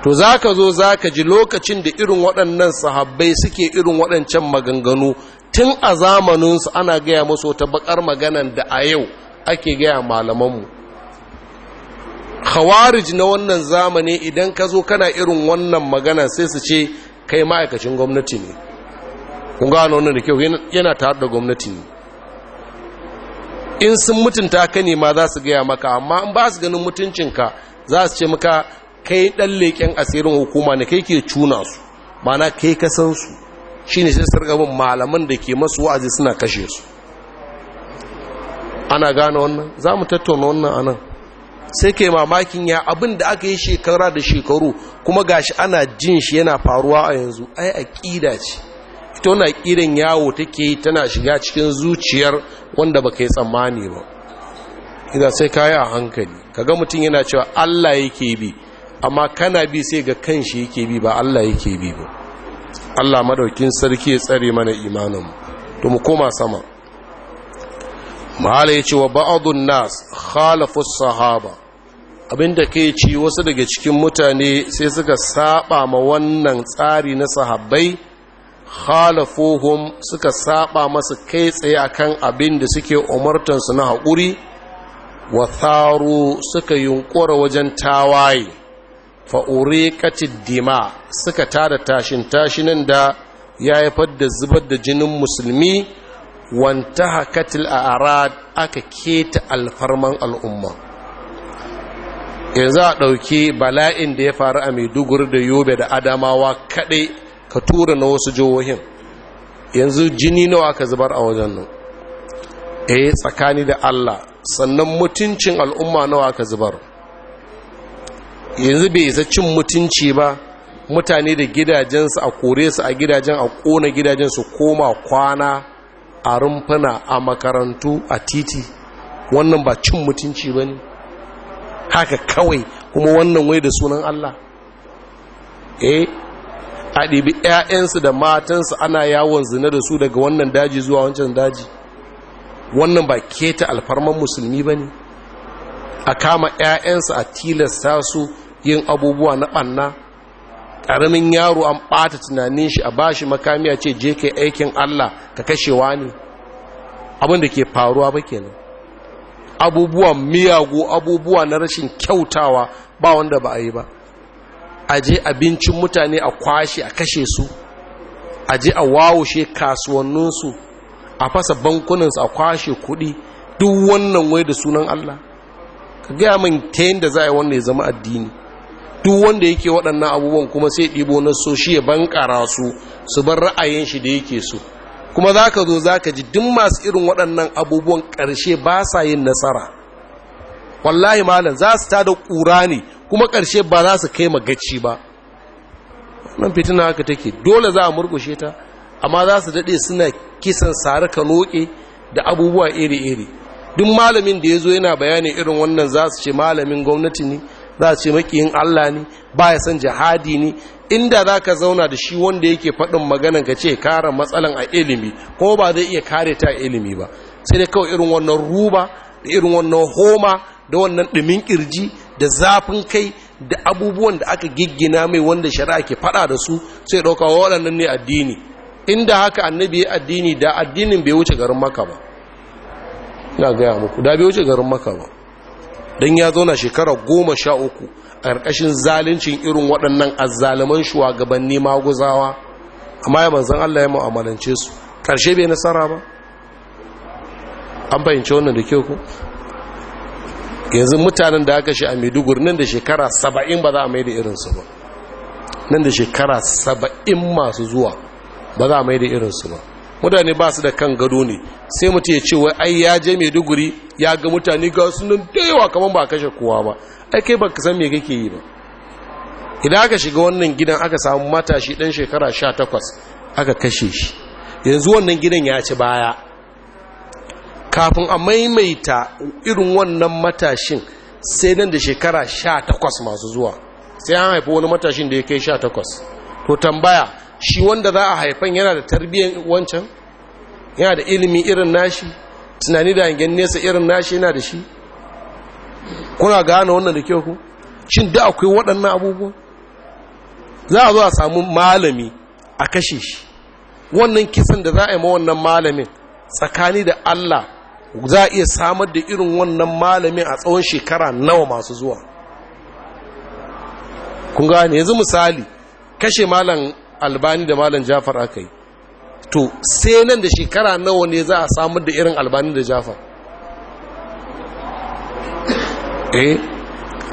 Speaker 1: to za ka zo za ka ji lokacin da irin waɗannan sahabbai suke irin waɗancan maganganu tun a zamaninsu ana gaya musu ta bakar maganan da a yau ake gaya malamanmu khawarij na wannan zamani idan ka zo kana irin wannan magana sai su ce kai ma'aikacin gwamnati ne kun gano wannan da kyau yana tare da gwamnati ne in sun mutunta ka ne ma za su gaya maka amma in ba su ganin mutuncinka za su ce maka kai ɗan leƙen asirin hukuma ne kai ke cuna su mana kai kasan su shi ne sai sarga malaman da ke masu wa'azi suna kashe su ana gane wannan za mu tattauna wannan anan sai kai mamakin ya abin da aka yi shekara da shekaru kuma gashi ana jin shi yana faruwa a yanzu ai aƙida ce ita wani irin yawo take tana shiga cikin zuciyar wanda ba ka yi tsammani ba ina sai kayi a hankali Ka ga mutum yana cewa allah yake bi amma kana bi sai ga kanshi yake bi ba allah yake bi ba allah madaukin sarki ya tsare mana imanin to mu koma sama mahala ya ce wa ba'adun nas khalafus sahaba abinda kai ci wasu daga cikin mutane sai suka saba ma wannan tsari na sahabbai khalafuhum suka saba masa kai tsaye akan abin da suke umartansu na haƙuri wa tharu suka yunkura wajen tawaye fa'uriƙacin dima suka tada tashin tashinan da ya haifar da zubar da jinin musulmi wanta hakatil a arad aka keta alfarman al'umma yanzu a ɗauki bala'in da ya faru a maiduguri da yobe da adamawa kaɗai ka tura na wasu jihohin yanzu jini nawa ka zubar a wajen nan eh tsakani da Allah sannan mutuncin al'umma nawa ka zubar yanzu bai isa cin mutunci ba mutane da gidajensu a kore su a gidajen a kona gidajen su koma kwana a rumfuna a makarantu a titi wannan ba cin mutunci ba ne haka kawai kuma wannan wai da sunan Allah eh a ɗibi 'ya'yansu da matansu ana yawon zina da su daga wannan daji zuwa wancan daji wannan ba keta alfarman musulmi ba ne a kama 'ya'yansu a tilasta su yin abubuwa na ɓanna ƙaramin yaro an ɓata tunanin shi a bashi makami a ce je yi aikin allah ka kashewa ne abin da ke faruwa ba kenan abubuwan miyagu abubuwa na rashin kyautawa ba wanda ba a yi ba a je abincin mutane a kwashe a kashe su a je a wawushe kasuwanninsu a fasa bankunansu a kwashe kuɗi duk wannan wai da sunan Allah ka gaya min ta yadda za a yi wannan ya zama addini duk wanda yake waɗannan abubuwan kuma sai ɗibo na so shi ya bankara su su bar ra'ayin shi da yake so kuma za ka zo za ka ji duk masu irin waɗannan abubuwan ƙarshe ba sa yin nasara wallahi malam za su ta da ƙura ne kuma ƙarshe ba za su kai magaci ba nan fitina haka take dole za a murkushe ta amma za su daɗe suna kisan sare ka da abubuwa iri-iri duk malamin da ya zo yana bayani irin wannan za su ce malamin gwamnati ne za su ce makiyin allah ne ba ya son jihadi ne inda za ka zauna da shi wanda yake faɗin maganan ka ce kare matsalan a ilimi ko ba zai iya kare ta ilimi ba sai dai kawai irin wannan ruba da irin wannan homa da wannan ɗumin ƙirji da zafin kai da abubuwan da aka giggina mai wanda shari'a ke fada da su sai dauka waɗannan ne addini inda haka annabi ya addini da addinin bai wuce garin maka ba na gaya muku da bai wuce garin maka ba don ya zauna shekara goma sha uku a ƙarƙashin zaluncin irin waɗannan azzaliman shugabanni maguzawa amma ya manzan Allah ya mu'amalance su ƙarshe bai nasara ba an fahimci wannan da kyau ku yanzu mutanen da aka shi a maiduguri nan da shekara saba'in ba za a mai da irinsu ba nan da shekara saba'in masu zuwa ba za a mai da irinsu ba mutane ba su da kan gado ne sai mutu ya ce wai ai ya je maiduguri ya ga mutane ga su nan kamar ba kashe kowa ba ai kai ba ka san me kake yi ba idan aka shiga wannan gidan aka samu matashi dan shekara sha takwas aka kashe shi yanzu wannan gidan ya ci baya kafin a maimaita irin wannan matashin sai nan da shekara sha takwas masu zuwa sai an haifi wani matashin da ya kai sha takwas to tambaya shi wanda za a haifan yana da tarbiyyar wancan yana da ilimi irin nashi tunani da hangen nesa irin nashi yana da shi kuna gane wannan da kyau ku shin da akwai waɗannan abubuwa za a zo a samu malami a kashe shi wannan kisan da za a yi ma wannan malamin tsakani da allah za a iya samar da irin wannan malamin a tsawon shekara nawa masu zuwa kun gane yanzu misali kashe malam albani da malam jafar aka yi to sai nan da shekara nawa ne za a samar da irin albani da jafar eh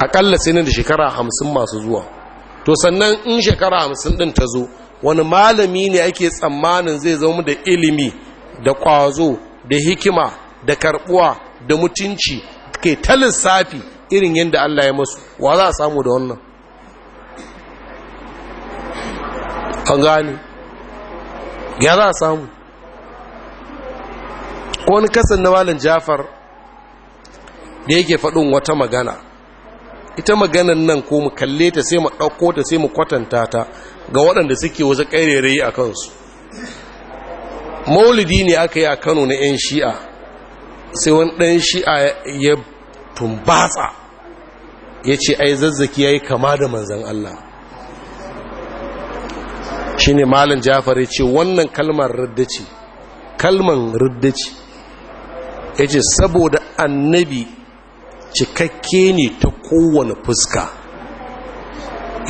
Speaker 1: akalla sai nan da shekara hamsin masu zuwa to sannan in shekara hamsin din ta zo wani malami ne ake tsammanin zai zama da ilimi da kwazo da hikima da karbuwa da mutunci ke ta lissafi irin yadda Allah ya masu wa za a samu da wannan kan gane ya za a samu ko wani kasan na malin jafar da yake faɗin wata magana ita maganan nan ko mu kalle ta sai mu ɗauko ta sai mu kwatanta ta ga waɗanda suke wasu ƙairere a kansu maulidi ne aka yi a kano na 'yan shi'a sai wani ɗan shi'a ya tumbatsa ya ce ai zazzaki ya yi kama da manzan Allah shi ne malin jafar ya ce wannan kalmar riddaci kalmar riddaci ya ce saboda annabi cikakke ne ta kowane fuska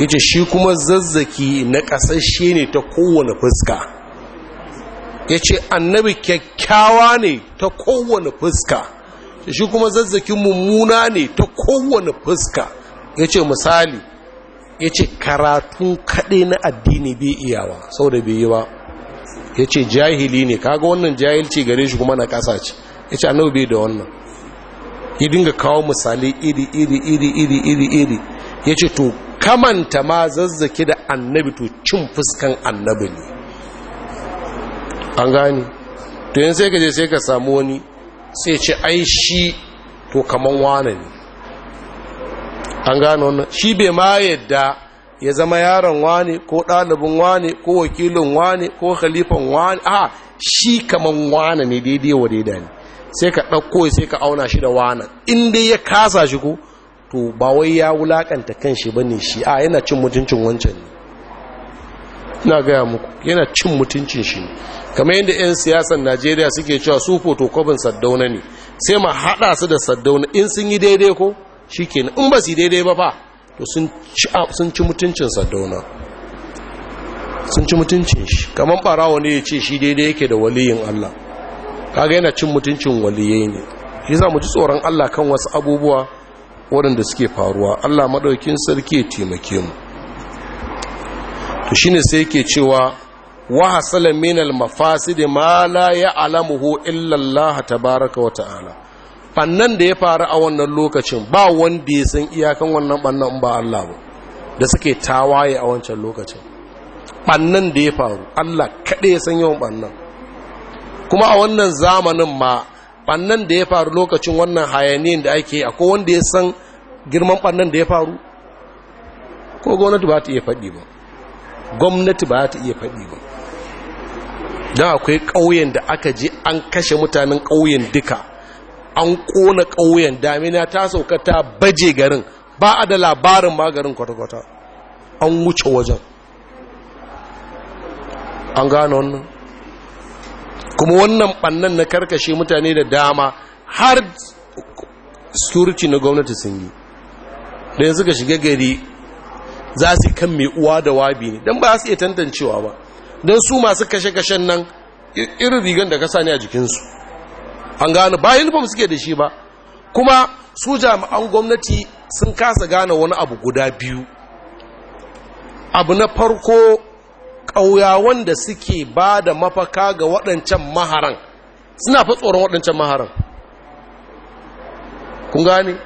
Speaker 1: ya ce shi kuma zazzaki na ƙasashe ne ta kowane fuska ya ce annabi kyakkyawa ne ta kowane fuska shi kuma zazzakin mummuna ne ta kowane fuska ya ce misali ya ce karatu kaɗai na addini bai iyawa sau da bai yi ba ya ce jahili ne kaga wannan jahilci gare shi kuma na ƙasa ce ya ce annabi bai da wannan ya dinga kawo misali iri iri iri iri iri iri ya ce to kamanta ma zazzaki da annabi to cin fuskan annabi ne an gane to yin sai ka je sai ka samu wani sai ce ai shi to kaman wane ne an gane wannan shi bai ma yadda ya zama yaron wane ko ɗalibin wane ko wakilin wane ko khalifan wane a shi kaman wane ne daidai wa daidai ne sai ka ɗauko sai ka auna shi da wane in dai ya kasa shi ko to ba wai ya wulakanta kan shi bane shi a yana cin mutuncin wancan ne na gaya muku yana cin mutuncin shi kamar yadda 'yan siyasan najeriya suke cewa su fotokobin saddauna ne sai ma haɗa su da saddauna in sun yi daidai ko shi na, in ba su yi daidai ba ba to sun ci mutuncin saddauna sun ci mutuncin shi kamar ɓarawa ne ya ce shi daidai yake da waliyin allah kaga yana cin mutuncin waliyai ne shi za mu ji tsoron allah kan wasu abubuwa waɗanda suke faruwa allah maɗaukin sarki ya taimake mu to shine sai yake cewa wa hasala min al mafasid ma la ya'lamuhu illa Allah tabaaraka wa ta'ala bannan da ya faru a wannan lokacin ba wanda ya san iyakan wannan bannan ba Allah ba da suke tawaye a wancan lokacin bannan da ya faru Allah kade ya san yawan bannan kuma a wannan zamanin ma bannan da ya faru lokacin wannan hayaniyin da ake akwai wanda ya san girman bannan da ya faru ko gwamnati ba ta iya faɗi ba gwamnati ba ta iya faɗi ba don akwai ƙauyen da aka ji an kashe mutanen ƙauyen duka an ƙona ƙauyen damina ta sauka ta baje garin ba a da labarin garin kwata-kwata an wuce wajen an gano wannan kuma wannan ɓannan na karkashe mutane da dama har security na gwamnati sun yi da yanzu ka shiga gari za su kan mai uwa da wabi ne don ba su iya tantancewa ba don su masu kashe-kashen nan irin rigan da kasa ne a jikinsu an gane ba uniform suke da shi ba kuma su jami'an gwamnati sun kasa gane wani abu guda biyu abu na farko ƙauyawan wanda suke ba da mafaka ga waɗancan maharan suna fi tsoron waɗancan maharan kun gane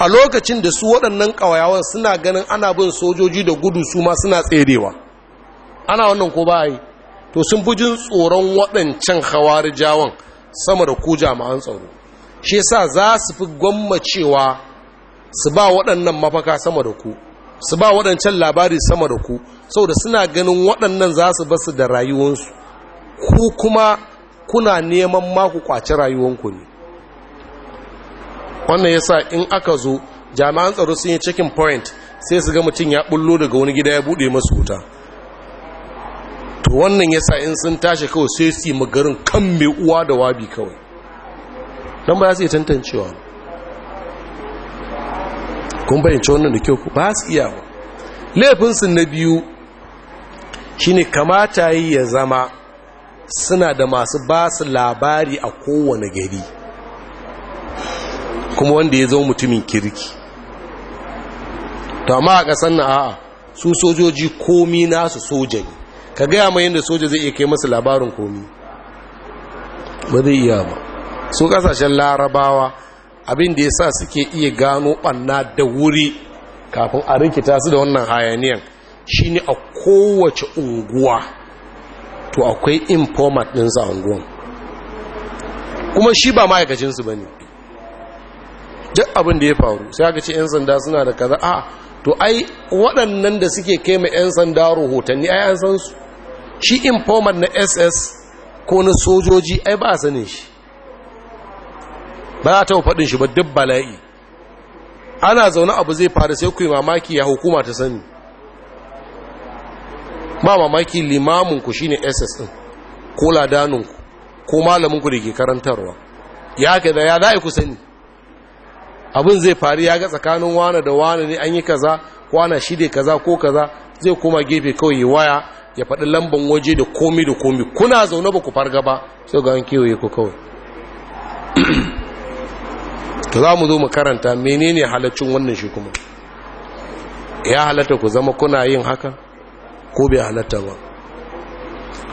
Speaker 1: a lokacin da su waɗannan ƙawayawan suna ganin ana bin sojoji da gudu su ma suna tserewa ana wannan ko ba yi to sun fi jin tsoron waɗancan jawon sama da ku jami'an tsaro shi sa za su fi gwammacewa su ba waɗannan mafaka sama da ku su ba waɗancan labari sama da ku sau da suna ganin waɗannan za su basu da rayuwansu ku kuma kuna neman maku kwace rayuwanku ne wannan yasa in aka zo jami'an tsaro sun yi cikin point sai su ga mutum ya bullo daga wani gida ya bude masu wuta to wannan yasa in sun tashi kawai sai su yi magarin kan mai uwa da wabi kawai don ba su yi tantancewa kun bayyance wannan da kyau ku ba su iya ba laifinsu na biyu shine kamata yi ya zama suna da masu ba su labari a kowane gari kuma wanda ya zama mutumin kirki to amma a ƙasar na a'a su sojoji komi nasu soja ne ka gaya mai yadda soja zai iya kai masu labarin komi ba zai iya ba su ƙasashen larabawa abin da ya sa suke iya gano ɓanna da wuri kafin a rikita su da wannan hayaniyan ne a kowace unguwa to akwai informat ɗinsa unguwan kuma shi ba ma'aikacinsu ba ne duk abin da ya faru sai aka ce 'yan sanda suna da kaza a to ai waɗannan da suke kai ma 'yan sanda rahotanni ai an san su shi informant na ss ko na sojoji ai ba a sanin shi ba za ta faɗin shi ba duk bala'i ana zaune abu zai faru sai ku yi mamaki ya hukuma ta sani ba mamaki limaminku ne ss ɗin ko ladaninku ko malaminku da ke karantarwa ya ka da ya da'i ku sani abin zai faru ya ga tsakanin wane da wane ne an yi kaza Kwana shi da kaza ko kaza zai koma gefe kawai ya waya ya faɗi lamban waje da komi da komi kuna zaune ba ku farga ba sai ga an kewaye ku kawai to za mu zo mu karanta menene halaccin wannan shi kuma ya halatta ku zama kuna yin haka ko bai halatta ba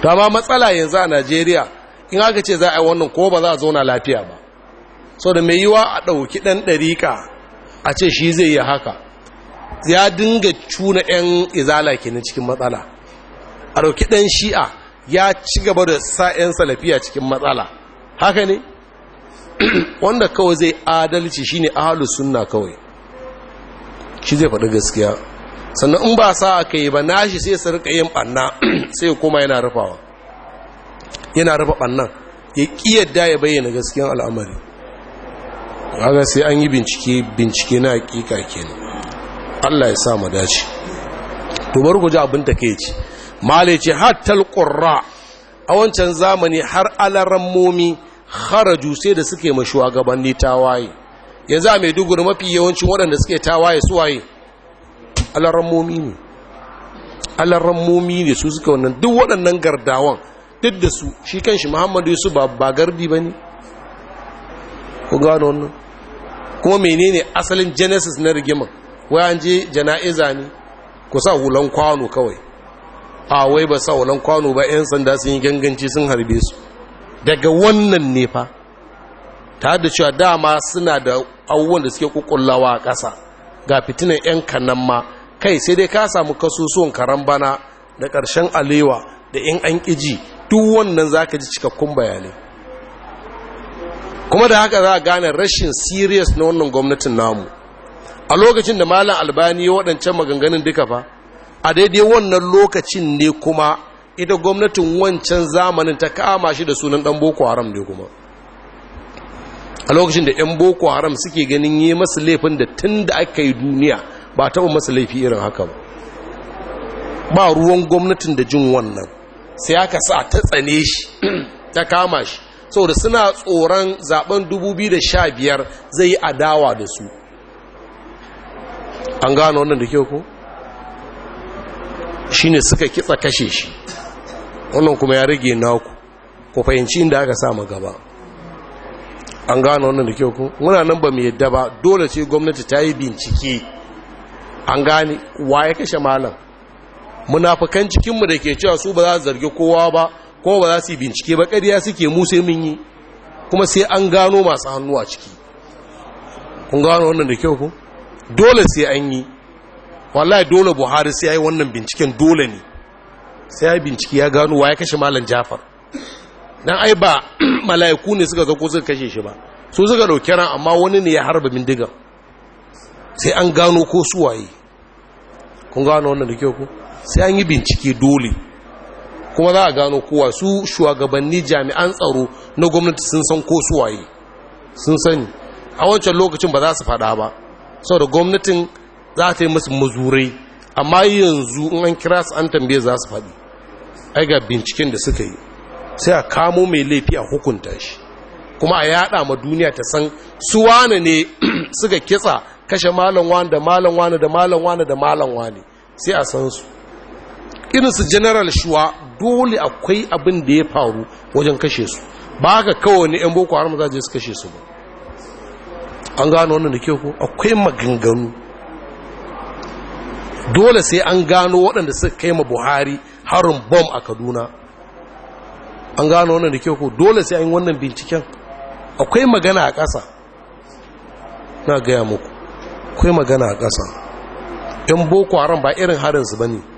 Speaker 1: ta ma matsala yanzu a najeriya in aka ce za a yi wannan ko ba za a zauna lafiya ba sau da mai yiwa a ɗauki ɗan ɗariƙa a ce shi zai yi haka ya dinga cuna 'yan izala kenan cikin matsala a ɗauki ɗan shi'a ya ci gaba da sa 'yan salafiya cikin matsala haka ne *clears throat* wanda kawai zai adalci shine ahalus sunna kawai shi zai faɗi gaskiya sannan in ba sa aka yi ba nashi sai su rika yin ɓanna *clears throat* sai kuma yana rufawa yana rufa ɓannan ya ƙi yadda ya bayyana gaskiyan al'amari haka sai an yi bincike bincike na hakika kenan Allah ya sa mu dace to bari ku ji abin da kai ci male ce hatta qurra a wancan zamani har alarammomi kharaju sai da suke ma shugabanni tawaye yanzu a Maiduguri mafi yawancin waɗanda suke tawaye su waye alarammomi ne alarammomi ne su suka wannan duk waɗannan gardawan duk da su shi kanshi Muhammadu Yusuf ba gardi ne ku gano wannan kuma menene asalin genesis na rigiman wai an je jana'iza ne ku sa hulan kwano kawai a wai ba sa hulan kwano ba 'yan sanda sun yi ganganci sun harbe su daga wannan ne fa ta da cewa dama suna da abubuwan da suke kukullawa a ƙasa ga fitinan 'yan kanan ma kai sai dai ka samu kasusuwan karan bana da ƙarshen alewa da 'yan an ƙiji duk wannan za ka ji cikakkun bayanai kuma da haka za a gane rashin serious na wannan gwamnatin namu a lokacin da malam albani ya waɗancan maganganun duka fa a daidai wannan lokacin ne kuma ita gwamnatin wancan zamanin ta kama shi da sunan ɗan boko haram ne kuma a lokacin da 'yan boko haram suke ganin yi masu laifin da tun da aka yi duniya ba taɓa masu laifi irin haka ba ba ruwan gwamnatin da jin wannan sai aka sa ta tsane shi ta kama shi saboda suna tsoron zaben 2015 zai yi adawa da su an gano wannan da ku. ko ne suka kitsa kashe shi wannan kuma ya rage naku ku fahimci inda aka sa gaba an gano wannan da ke ko muna nan ba mu yadda ba dole ce gwamnati ta yi bincike an gane wa ya kashe malam munafukan cikinmu da ke cewa su ba za su zargi kowa ba ko ba za su yi bincike ba ƙariya suke mu sai mun yi kuma sai an gano masu hannu a ciki kun gano wannan da kyau ku dole sai an yi wallahi dole buhari sai ya yi wannan binciken dole ne sai ya bincike ya gano wa ya kashe malam jafar don ai ba *clears throat* mala'iku ne suka zako suka kashe shi ba su suka dauki ran amma wani ne ya harba bindigan sai an gano ko suwaye kun gano wannan da kyau ku sai an yi bincike dole kuma za a gano kowa su shugabanni jami'an tsaro na gwamnati sun san ko suwaye sun sani a wancan lokacin ba za su faɗa ba sau da gwamnatin za ta yi musu mazurai amma yanzu in an kira su an tambaye za su faɗi ai ga binciken da suka yi sai a kamo mai laifi a hukunta shi kuma a yada ma duniya ta san su wane ne *clears throat* suka kitsa kashe malam wani da malam wani da malam wani da malam wani sai a san su irinsu general shuwa dole akwai abin da ya faru wajen kashe su ba ga kawai ne 'yan boko haram za je su kashe su ba an gano wannan da ke ko akwai maganganu dole sai an gano waɗanda suka kai ma buhari harin bom a kaduna an gano wannan da ke ko dole sai an yi wannan binciken akwai magana a ƙasa na gaya muku akwai magana a ƙasa yan boko haram ba irin harinsu ba ne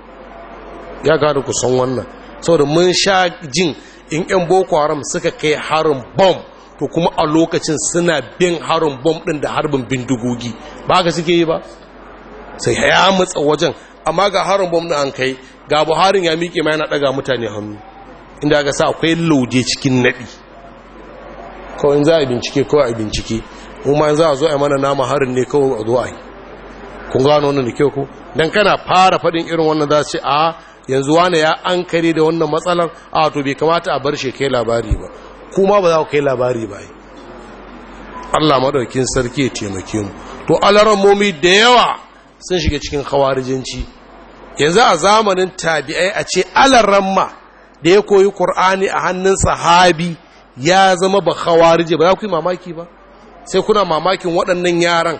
Speaker 1: ya gada ku san wannan saboda mun sha jin in yan boko haram suka kai harin bom to kuma a lokacin suna bin harin bom din da harbin bindigogi ba ka suke yi ba sai ya matsa wajen amma ga harin bom din an kai ga buharin ya miƙe ma yana ɗaga mutane hannu inda aka sa akwai lauje cikin naɗi kawai in za a bincike kawai a bincike kuma za a zo a mana nama harin ne kawai a zo yi kun gano wannan da kyau ku dan kana fara faɗin irin wannan za su ce a yanzu wane ya an kare da wannan matsalar? a to bai kamata a bar shi kai labari ba kuma ba za ku kai labari ba Allah madaukin sarki ya taimake mu to alarammomi da yawa sun shiga cikin hawarijinci yanzu a zamanin tabi'ai a ce alaramma da ya koyi qur'ani a hannun sahabi ya zama ba hawarije ba za ku yi mamaki ba sai kuna mamakin waɗannan yaran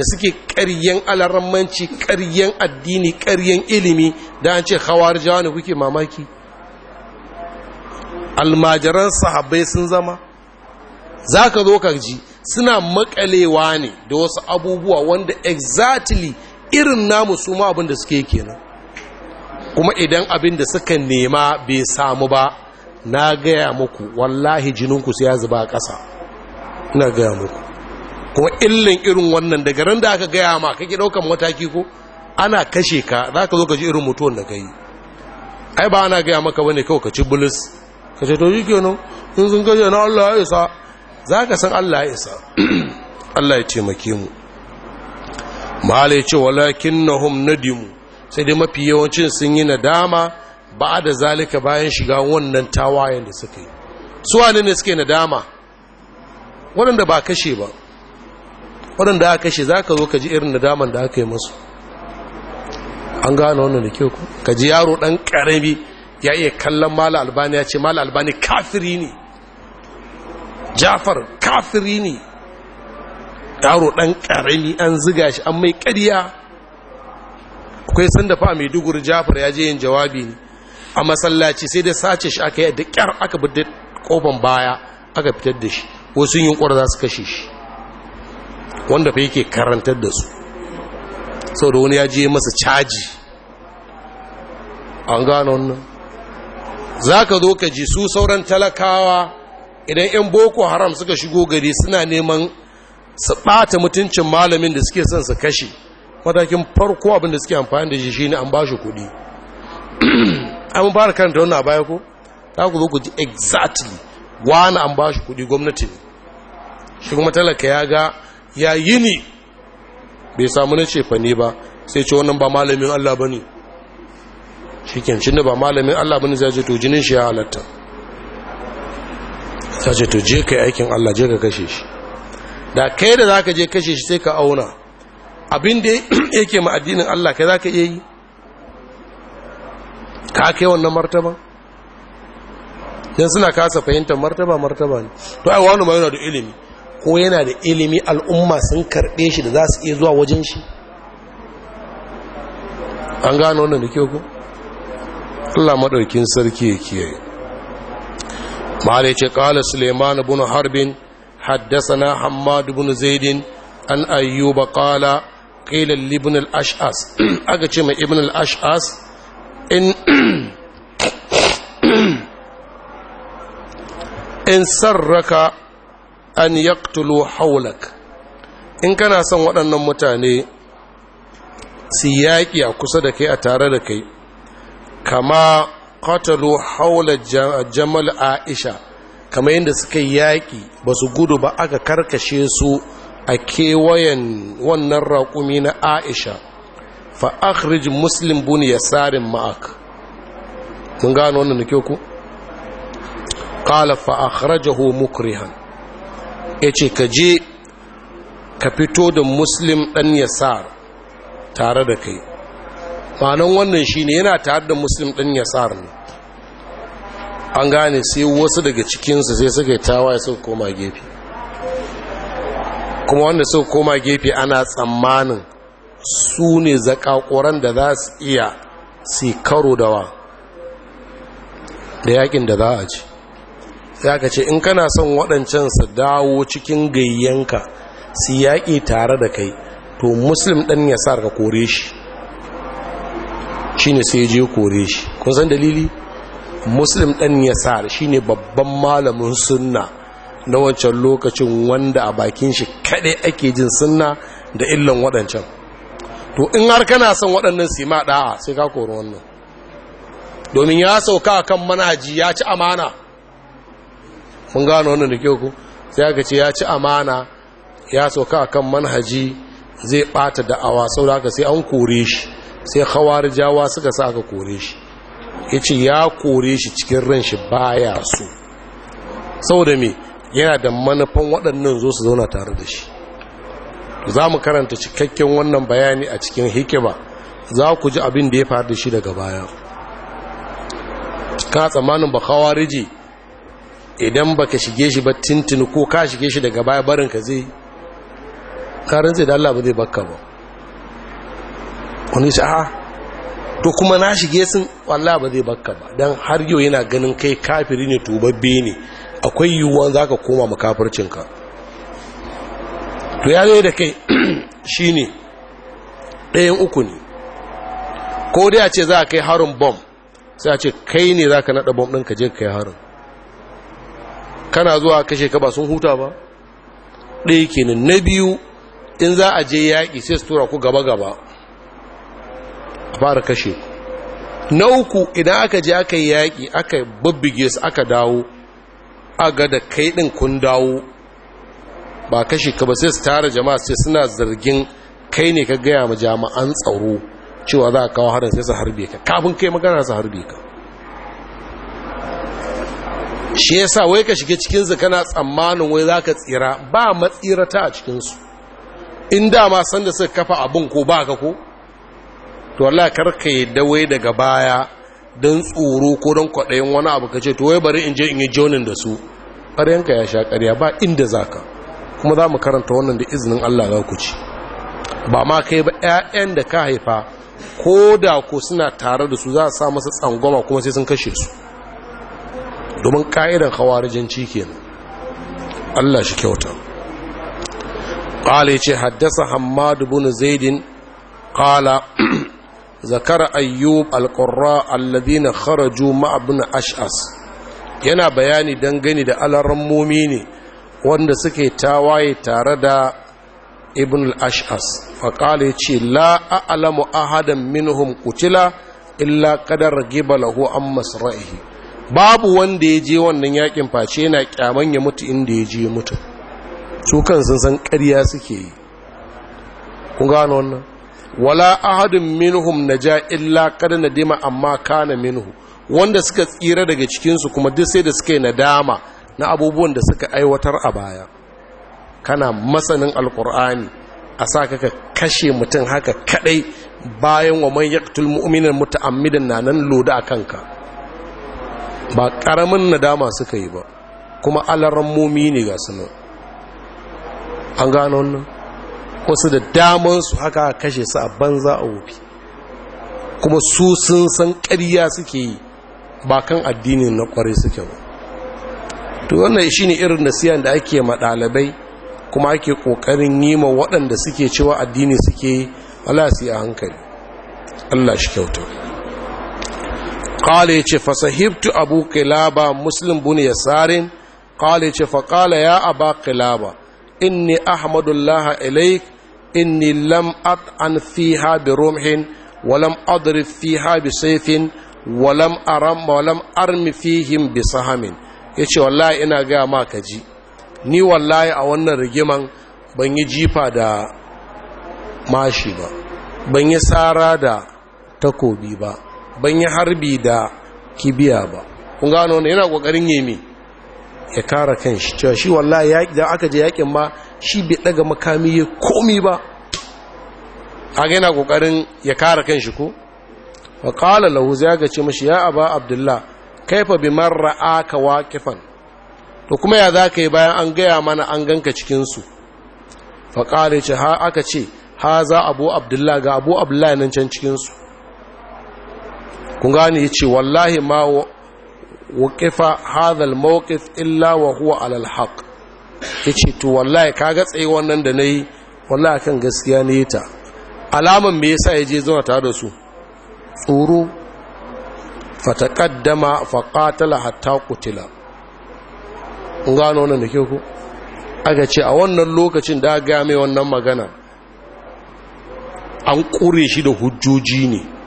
Speaker 1: da suke karyen alarammanci karyen addini karyen ilimi da an ce hawar jawa ne kuke mamaki almajiran sahabai sun zama za ka zo ka ji suna makalewa ne da wasu abubuwa wanda exactly irin namu su ma abin da suke kenan kuma idan abin da suka nema bai samu ba na gaya muku wallahi jininku sai ya zuba a ƙasa ina gaya muku ko illan irin wannan daga ran da aka gaya ma kake daukan mataki ko ana kashe ka za ka zo ka ji irin mutuwan da ka yi ai ba ana gaya maka bane kawai ka ci bulus ka ce to shi nan, in sun gaje na Allah ya isa za ka san Allah ya isa *clears throat* Allah ya taimake mu mahala ya ce walakin na hum nadimu sai dai mafi yawancin sun yi nadama ba da zalika bayan shiga wannan tawayen da suka yi su wane ne suke nadama waɗanda ba kashe ba da aka kashe za ka zo ka ji irin nadaman da aka yi masu an gane wannan da kyau ka ji yaro ɗan ƙarami ya iya kallon mala albani ya ce mala albani kafiri ne jafar kafiri ne yaro ɗan ƙarami an ziga shi an mai ƙarya akwai sanda fa mai dugur jafar ya je yin jawabi ne a masallaci sai da sace shi aka yi da ƙyar aka bi da ƙofan baya aka fitar da shi wasu yin ƙwar za su kashe shi wanda fa yake karantar da su sau da wani ya je masa caji an gano wannan za ka zo ka ji su sauran talakawa idan 'yan boko haram suka shigo gari suna neman su ɓata mutuncin malamin da suke son su kashe matakin farko abinda suke amfani da shi shine an ba shi kuɗi an *clears throat* fara karanta wannan baya ko ta ku zo ku ji exactly wani an ba shi kuɗi gwamnati shi kuma talaka ya ga ya yini bai samu na ce fane ba sai ce wannan ba malamin Allah ba ne shi kyancin da ba malamin Allah ba ne zai ce to jinin shi ya halatta zai ce to je ka yi aikin Allah je ka kashe shi da kai da za ka je kashe shi sai ka auna abin da *clears throat* yake ma addinin Allah kai za ka iya yi ka kai wannan martaba don suna kasa fahimtar martaba martaba ne to ai wani ma yana da ilimi ko yana da ilimi al'umma sun karɓe shi da za su iya zuwa wajen shi an gano wannan da ke ku Allah maɗaukin sarki ya kiyaye ma'ala ƙala suleiman bin harbin Haddasa na hammad bin zaidin an ayyuba ƙala ƙilin libin al'ash'as *clears throat* aka ce mai ibn al'ash'as in *clears throat* in sarraka an yaktulu haulak in kana son waɗannan mutane su yaƙi a kusa da kai a tare da kai kama ƙatalu haula jamal aisha kamar yadda suka yaƙi ba su gudu ba aka karkashe su a kewayen wannan raƙumi na aisha fa akhrij muslim bun yasarin ma'ak mun gano wannan da ku qala fa akhrajahu mukrihan ya ce ka je ka fito da muslim ɗan yasar tare da kai manon wannan shi yana tare da muslim ɗan yasar ne an gane sai wasu daga cikinsu sai suka yi tawaye suka koma gefe kuma wanda suka koma gefe ana tsammanin su ne zakakuran da za su iya si karo da wa da yakin da za a ci Ya ka ce in kana son waɗancan su dawo cikin gayyanka su yaƙi tare da kai to muslim ɗan ya sa ka kore shi shine sai je kore shi kun san dalili muslim ɗan ya sa shine babban malamin sunna na wancan lokacin wanda a bakin shi kaɗai ake jin sunna da illan waɗancan to in har kana son waɗannan su ma ɗa'a sai ka kori wannan domin ya sauka kan manaji ya ci amana mun gano wannan da kyau ku sai aka ce ya ci amana ya sauka a kan manhaji zai bata da'awa da aka sai an kore shi sai jawa suka sa aka kore shi Ya ce ya kore shi cikin ran shi baya su. Sau da me yana da manufan waɗannan zo su zauna tare da shi za mu karanta cikakken wannan bayani a cikin hikima za ku ji abin da ya faru da shi daga baya ka tsamanin ba khawariji idan baka shige shi ba tintini ko ka shige shi daga baya barin ka zai karin zai da Allah ba zai baka ba wani sa'a to kuma na shige sun Allah ba zai baka ba don har yau yana ganin kai kafiri ne tubabbe ne akwai yiwuwan za ka koma makafircinka to ya zai da kai *clears throat* shi ne ɗayan uku ne ko dai a ce za a kai harin bom sai a ce kai ne za ka naɗa bom ɗin ka je kai harin kana zuwa kashe ka sun huta ba ɗaya kenan na biyu in za a je yaƙi sai su tura ku gaba-gaba a fara kashe na uku idan aka je aka yi yaƙi aka babbige su aka dawo aga da kai ɗin kun dawo ba kashe ka ba sai su tara jama'a sai suna zargin kai ne ka gaya ma jama'an tsaro cewa za a kawo harin sai su harbe ka kafin kai magana su harbe ka shi yasa wai ka shiga cikinsu kana tsammanin wai za ka tsira ba matsirata a cikinsu in dama sanda suka kafa abin ko ba ka ko to Allah karka yadda wai daga baya don tsoro ko don kwaɗayin wani abu ka ce to wai bari in je in yi jonin da su ƙaryanka ya sha ƙarya ba inda za ka kuma za mu karanta wannan da izinin Allah za ku ci ba ma kai ba 'ya'yan da ka haifa ko da ko suna tare da su za a sa masa tsangwama kuma sai sun kashe su domin ƙa'idan hawarijanci kenan Allah shi kyauta ƙala ce haddasa hamadu bin zaidin ƙala zakar ayyub alƙurra alladina kharaju ma'abin ash'as yana bayani dangane da alarammomi ne wanda suke tawaye tare da ibn al-ash'as faƙala ce la mu ahadan minhum kutila illa qadar gibalahu an masra'ihi babu wanda ya je wannan yakin face yana kyaman ya mutu inda ya je mutu su kan sun san ƙarya suke yi Ku gano wannan wala ahadin minhum naja illa na nadima amma kana minhu wanda suka tsira daga cikinsu kuma duk sai da suka yi nadama na abubuwan da suka aiwatar a baya kana masanin alkur'ani a sa ka kashe mutum haka kadai bayan wa man yaqtul mu'mina muta'ammidan nan loda a kanka. ba ƙaramin nadama suka yi ba kuma mumi ne ga suna an gano wannan wasu da su haka kashe su a banza a wofi kuma su sun san ƙarya suke yi ba kan addinin na ƙwarai suke ba to wannan shi ne irin nasiha da ake ɗalibai kuma ake ƙoƙarin yi ma waɗanda suke cewa addini suke yi Allah su yi a hankali Allah shi kyautar. qala yace fasahibtu abu qilaba muslim bin yasarin qala yace fa qala ya aba qilaba inni ahmadullah ilaik inni lam at'an fiha bi rumhin wa lam adrib fiha bi sayfin wa lam aram wa lam armi fihim bi sahamin yace wallahi ina gaya ma kaji ni wallahi a wannan rigiman ban yi jifa da mashi ba ban yi tsara da takobi ba ban yi harbi da kibiya ba kun gano wanda yana kokarin yemi ya kara kanshi cewa shi wallahi da aka je yakin ma shi bai daga makami ya komi ba kaga yana kokarin ya kara kanshi ko wa kala lahu zai ga ce mashi ya aba abdullah kaifa bi marra marra'aka waqifan to kuma ya zaka yi bayan an gaya mana an ganka cikinsu fa kala ce ha aka ce ha za abu abdullah ga abu abdullah nan can cikinsu. kun ya ce wallahi ma waqifa hadha al-mawqif illa wa huwa ala al-haq yace to wallahi ka ga tsaye wannan da nayi wallahi kan gaskiya ne ta alaman me yasa yaje zuwa tare da su tsoro fataqaddama faqatala hatta qutila kun gano wannan da ke ku aka ce a wannan lokacin da ga mai wannan magana an kure shi da hujjoji ne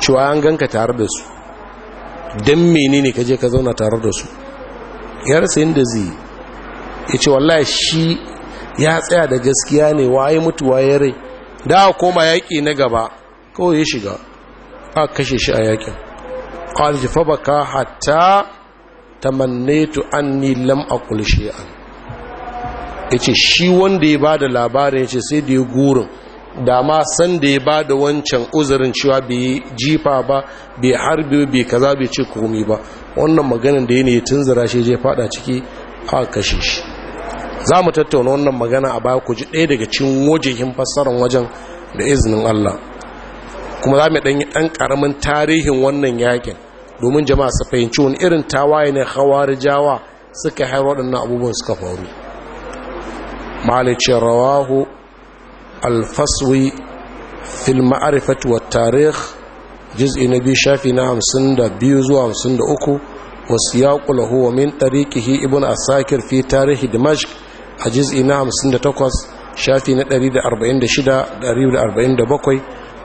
Speaker 1: cewa an ganka tare da su don menene ka je ka zauna tare da su ya rasa yin zai ya ce wallahi shi ya tsaya da gaskiya ne waye mutuwa ya rai da koma yaƙi na gaba kawai ya shiga a kashe shi a yaƙin ƙwalji fabaka hatta an ni lam an. Ya ce shi wanda ya ba da labarin yace sai da ya gurin dama ma san da ya ba da wancan uzurin cewa bai jifa ba bai harbi bai kaza bai ci komi ba wannan maganin da ya ne zira shi je fada ciki a kashe shi za mu tattauna wannan magana a baya ku ji ɗaya daga cikin wajehin fassarar wajen da izinin Allah kuma za mu ɗanyi ɗan ƙaramin tarihin wannan yakin domin jama'a su fahimci wani irin tawaye ne jawa suka haifar waɗannan abubuwan suka faru malice alfaswi fil ma'arifat wa tarikh juz'i na biyu shafi na hamsin da biyu zuwa hamsin da uku wasu ya kula huwa min tarikihi ibn asakir fi tarihi dimashq a juz'i na hamsin da takwas shafi na ɗari da arba'in da shida ɗari da arba'in da bakwai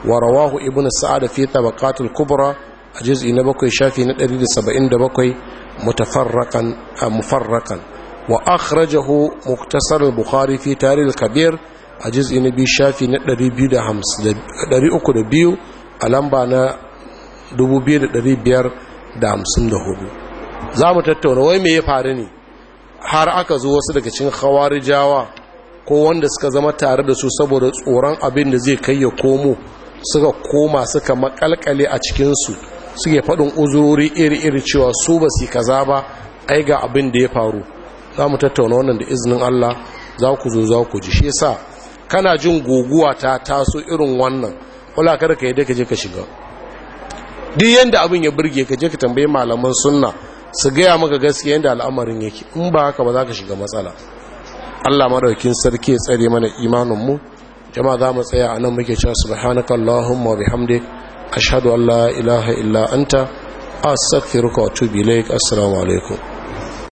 Speaker 1: wa rawahu ibn sa'ad fi tabaqatul kubra a juz'i na bakwai shafi na ɗari da saba'in da bakwai mutafarrakan a mufarrakan wa akhrajahu muktasar al-bukhari fi tarih al-kabir a jiz'i na biyu shafi na 302 a lamba na 2554 za mu tattauna wai mai ya faru ne har aka zo wasu daga cin hawarijawa ko wanda suka zama tare da su saboda tsoron abin da zai kai ya komo suka koma suka makalkale a cikinsu suke faɗin uzuri iri-iri cewa su ba su kaza ba ai ga abin da ya faru za mu tattauna wannan da izinin Allah za ku zo za ku ji shi sa kana jin guguwa ta taso irin wannan wala kada ka yadda ka je ka shiga duk yanda abin ya burge ka je ka tambayi malaman sunna su gaya maka gaskiya yanda al'amarin yake in ba haka ba za ka shiga matsala Allah madaukin sarki ya tsare mana imanin mu jama'a za mu tsaya anan muke cewa subhanaka allahumma wa bihamdik ashhadu an la ilaha illa anta astaghfiruka wa atubu ilaik assalamu alaikum